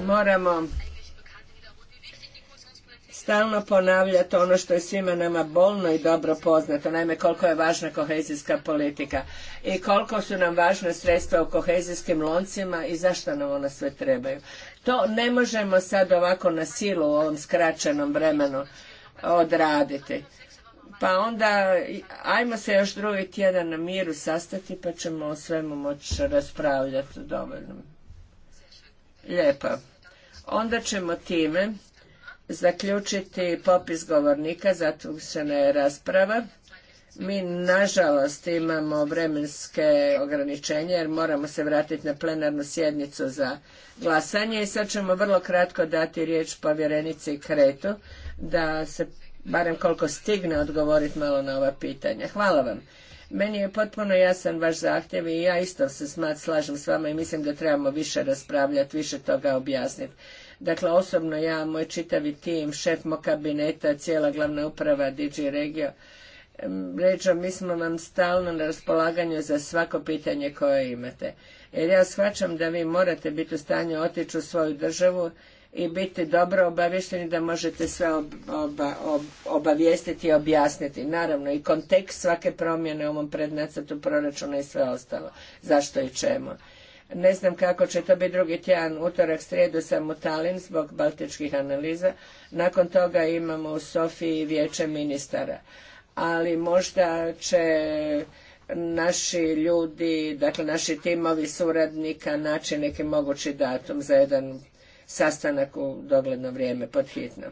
moramo stalno ponavljati ono što je svima nama bolno i dobro poznato, naime koliko je važna kohezijska politika i koliko su nam važna sredstva u kohezijskim loncima i zašto nam ona sve trebaju. To ne možemo sad ovako na silu u ovom skraćenom vremenu odraditi. Pa onda ajmo se još drugi tjedan na miru sastati pa ćemo o svemu moći raspravljati dovoljno. Lijepo. Onda ćemo time zaključiti popis govornika, zaključena je rasprava. Mi nažalost imamo vremenske ograničenje jer moramo se vratiti na plenarnu sjednicu za glasanje i sad ćemo vrlo kratko dati riječ povjerenici Kretu da se barem koliko stigne odgovoriti malo na ova pitanja. Hvala vam. Meni je potpuno jasan vaš zahtjev i ja isto se slažem s vama i mislim da trebamo više raspravljati, više toga objasniti. Dakle, osobno ja, moj čitavi tim, šef mog kabineta, cijela glavna uprava DG Regio, Ređo, mi smo vam stalno na raspolaganju za svako pitanje koje imate. Jer ja shvaćam da vi morate biti u stanju otići u svoju državu i biti dobro obavješteni da možete sve obavijestiti i objasniti. Naravno i kontekst svake promjene u ovom prednacrtu proračuna i sve ostalo. Zašto i čemu. Ne znam kako će to biti drugi tjedan, utorak, srijedu sam u Talin zbog baltičkih analiza. Nakon toga imamo u Sofiji vijeće ministara. Ali možda će naši ljudi, dakle naši timovi suradnika naći neki mogući datum za jedan sastanak u dogledno vrijeme pod hitno.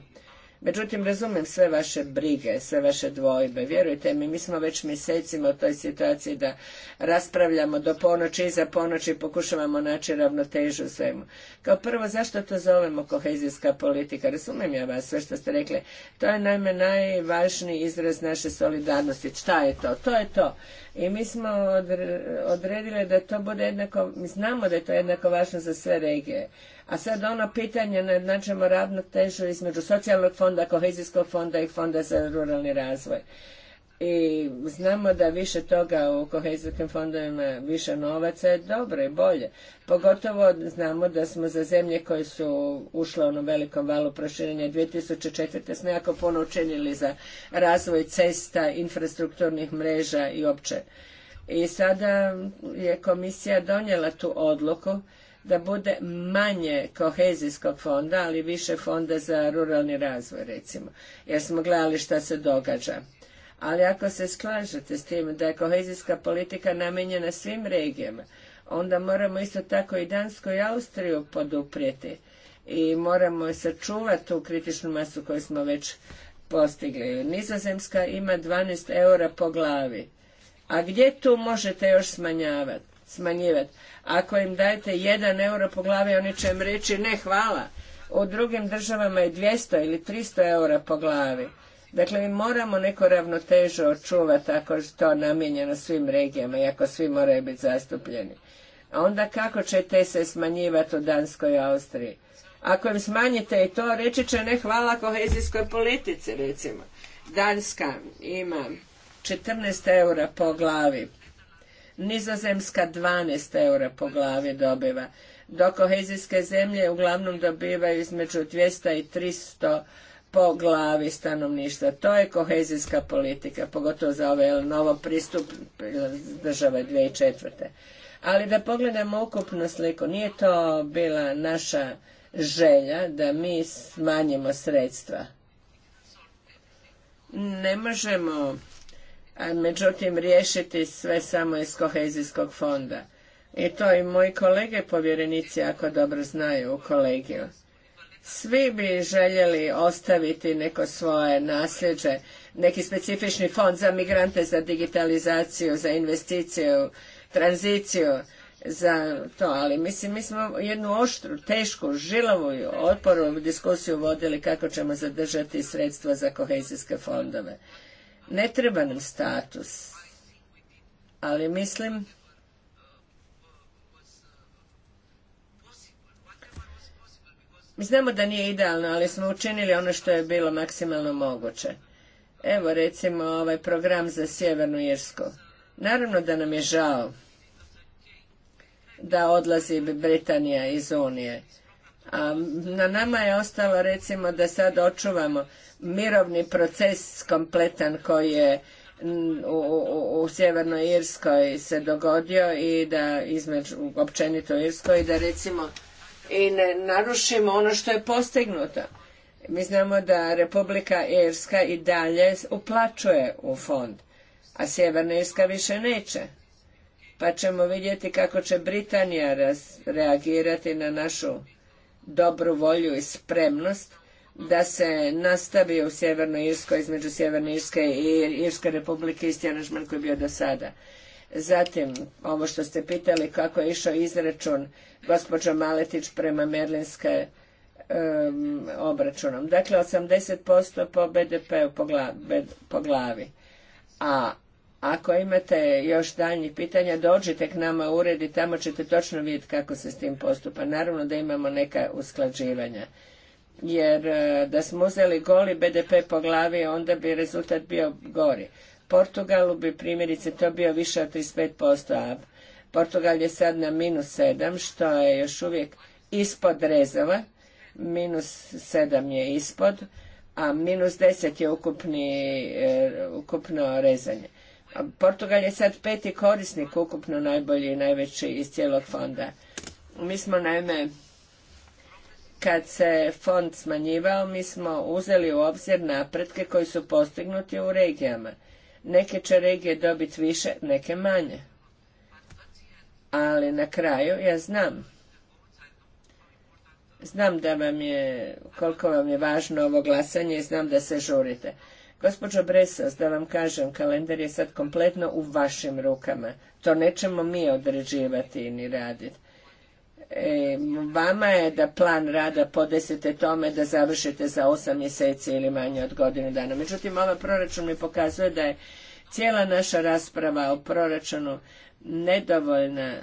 Međutim, razumijem sve vaše brige, sve vaše dvojbe. Vjerujte mi, mi smo već mjesecima u toj situaciji da raspravljamo do ponoći, iza ponoći pokušavamo naći ravnotežu u svemu. Kao prvo, zašto to zovemo kohezijska politika? Razumijem ja vas sve što ste rekli. To je naime najvažniji izraz naše solidarnosti. Šta je to? To je to. I mi smo odredili da to bude jednako, mi znamo da je to jednako važno za sve regije a sad ono pitanje, ravno ravnotežu između socijalnog fonda, kohezijskog fonda i fonda za ruralni razvoj. I znamo da više toga u kohezijskim fondovima, više novaca je dobro i bolje. Pogotovo znamo da smo za zemlje koje su ušle u onom velikom valu proširenja 2004. smo jako puno učinili za razvoj cesta, infrastrukturnih mreža i opće. I sada je komisija donijela tu odluku da bude manje kohezijskog fonda, ali više fonda za ruralni razvoj recimo, jer smo gledali šta se događa. Ali ako se slažete s tim da je kohezijska politika namijenjena svim regijama, onda moramo isto tako i Dansku i Austriju poduprijeti i moramo sačuvati tu kritičnu masu koju smo već postigli. Nizozemska ima 12 eura po glavi. A gdje tu možete još smanjavati? smanjivati. Ako im dajete jedan euro po glavi, oni će im reći ne hvala. U drugim državama je 200 ili 300 eura po glavi. Dakle, mi moramo neku ravnotežu očuvati ako je to namijenjeno svim regijama i ako svi moraju biti zastupljeni. A onda kako će te se smanjivati u Danskoj i Austriji? Ako im smanjite i to, reći će ne hvala kohezijskoj politici, recimo. Danska ima 14 eura po glavi Nizozemska 12 eura po glavi dobiva, dok kohezijske zemlje uglavnom dobivaju između 200 i 300 po glavi stanovništva. To je kohezijska politika, pogotovo za ovaj novo pristup države 2004. Ali da pogledamo ukupnu sliku, nije to bila naša želja da mi smanjimo sredstva. Ne možemo međutim riješiti sve samo iz kohezijskog fonda. I to i moji kolege povjerenici jako dobro znaju u kolegiju. Svi bi željeli ostaviti neko svoje nasljeđe, neki specifični fond za migrante, za digitalizaciju, za investiciju, tranziciju, za to, ali mislim, mi smo jednu oštru, tešku, žilavu otporu diskusiju vodili kako ćemo zadržati sredstva za kohezijske fondove. Ne treba nam status, ali mislim Mi znamo da nije idealno, ali smo učinili ono što je bilo maksimalno moguće. Evo recimo ovaj program za Sjevernu Irsku. Naravno da nam je žao da odlazi Britanija iz Unije. A na nama je ostalo recimo da sad očuvamo mirovni proces kompletan koji je u, Sjevernoj Irskoj se dogodio i da između općenito Irskoj i da recimo i ne narušimo ono što je postignuto. Mi znamo da Republika Irska i dalje uplaćuje u fond, a Sjeverna Irska više neće. Pa ćemo vidjeti kako će Britanija reagirati na našu dobru volju i spremnost da se nastavi u Sjevernoj Irskoj, između Sjeverne Irske i Irske republike isti aranžman koji je bio do sada. Zatim, ovo što ste pitali kako je išao izračun gospođa Maletić prema Merlinske obračunom. Dakle, 80% po bdp po, glavi, po glavi. A ako imate još daljnjih pitanja, dođite k nama u ured i tamo ćete točno vidjeti kako se s tim postupa. Naravno da imamo neka usklađivanja jer e, da smo uzeli goli BDP po glavi onda bi rezultat bio gori. Portugalu bi primjerice to bio više od 35%, a Portugal je sad na minus 7, što je još uvijek ispod rezova, minus 7 je ispod, a minus 10 je ukupni, e, ukupno rezanje. Portugal je sad peti korisnik ukupno najbolji i najveći iz cijelog fonda. Mi smo naime kad se fond smanjivao, mi smo uzeli u obzir napretke koji su postignuti u regijama. Neke će regije dobiti više, neke manje. Ali na kraju, ja znam, znam da vam je, koliko vam je važno ovo glasanje i znam da se žurite. Gospođo Bresas, da vam kažem, kalendar je sad kompletno u vašim rukama. To nećemo mi određivati ni raditi. E, vama je da plan rada podesete tome da završite za osam mjeseci ili manje od godinu dana. Međutim, ovaj proračun mi pokazuje da je cijela naša rasprava o proračunu nedovoljna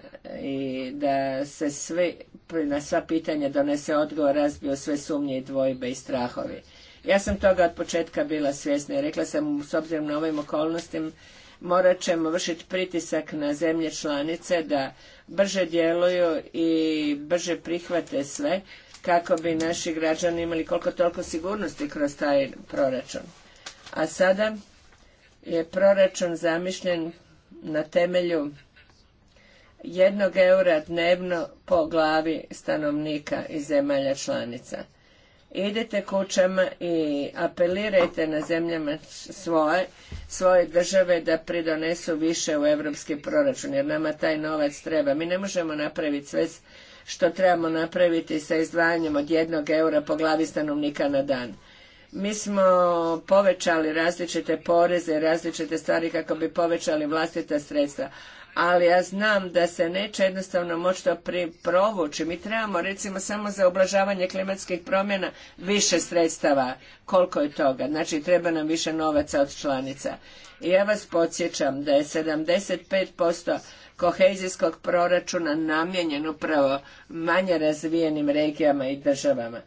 i da se svi, na sva pitanja donese odgovor, razbiju sve sumnje i dvojbe i strahovi. Ja sam toga od početka bila svjesna i rekla sam s obzirom na ovim okolnostima morat ćemo vršiti pritisak na zemlje članice da brže djeluju i brže prihvate sve kako bi naši građani imali koliko toliko sigurnosti kroz taj proračun. A sada je proračun zamišljen na temelju jednog eura dnevno po glavi stanovnika i zemalja članica idite kućama i apelirajte na zemljama svoje, svoje države da pridonesu više u europski proračun, jer nama taj novac treba. Mi ne možemo napraviti sve što trebamo napraviti sa izdvajanjem od jednog eura po glavi stanovnika na dan. Mi smo povećali različite poreze, različite stvari kako bi povećali vlastita sredstva, ali ja znam da se neće jednostavno moći to provući. Mi trebamo recimo samo za oblažavanje klimatskih promjena više sredstava. Koliko je toga? Znači treba nam više novaca od članica. I ja vas podsjećam da je 75% kohezijskog proračuna namijenjen upravo manje razvijenim regijama i državama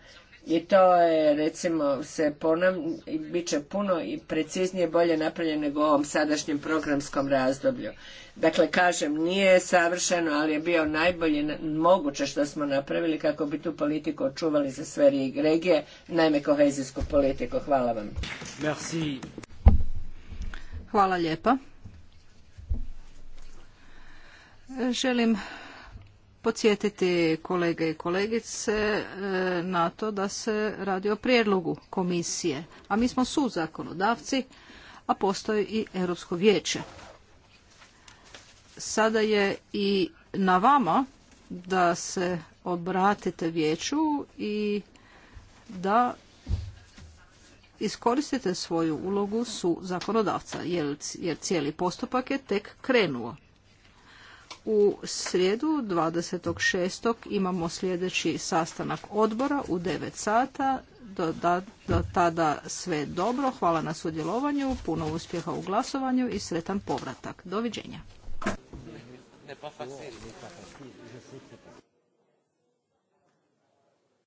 i to je recimo se ponavlja bit će puno i preciznije bolje napravljeno nego u ovom sadašnjem programskom razdoblju. Dakle, kažem, nije savršeno, ali je bio najbolje moguće što smo napravili kako bi tu politiku očuvali za sve regije, najme kohezijsku politiku. Hvala vam. Merci. Hvala lijepa. Želim podsjetiti kolege i kolegice e, na to da se radi o prijedlogu komisije, a mi smo zakonodavci, a postoji i Europsko vijeće. Sada je i na vama da se obratite vijeću i da iskoristite svoju ulogu su zakonodavca, jer cijeli postupak je tek krenuo. U srijedu 26. imamo sljedeći sastanak odbora u 9 sata. Do, da, do tada sve dobro. Hvala na sudjelovanju, puno uspjeha u glasovanju i sretan povratak. Doviđenja. Pa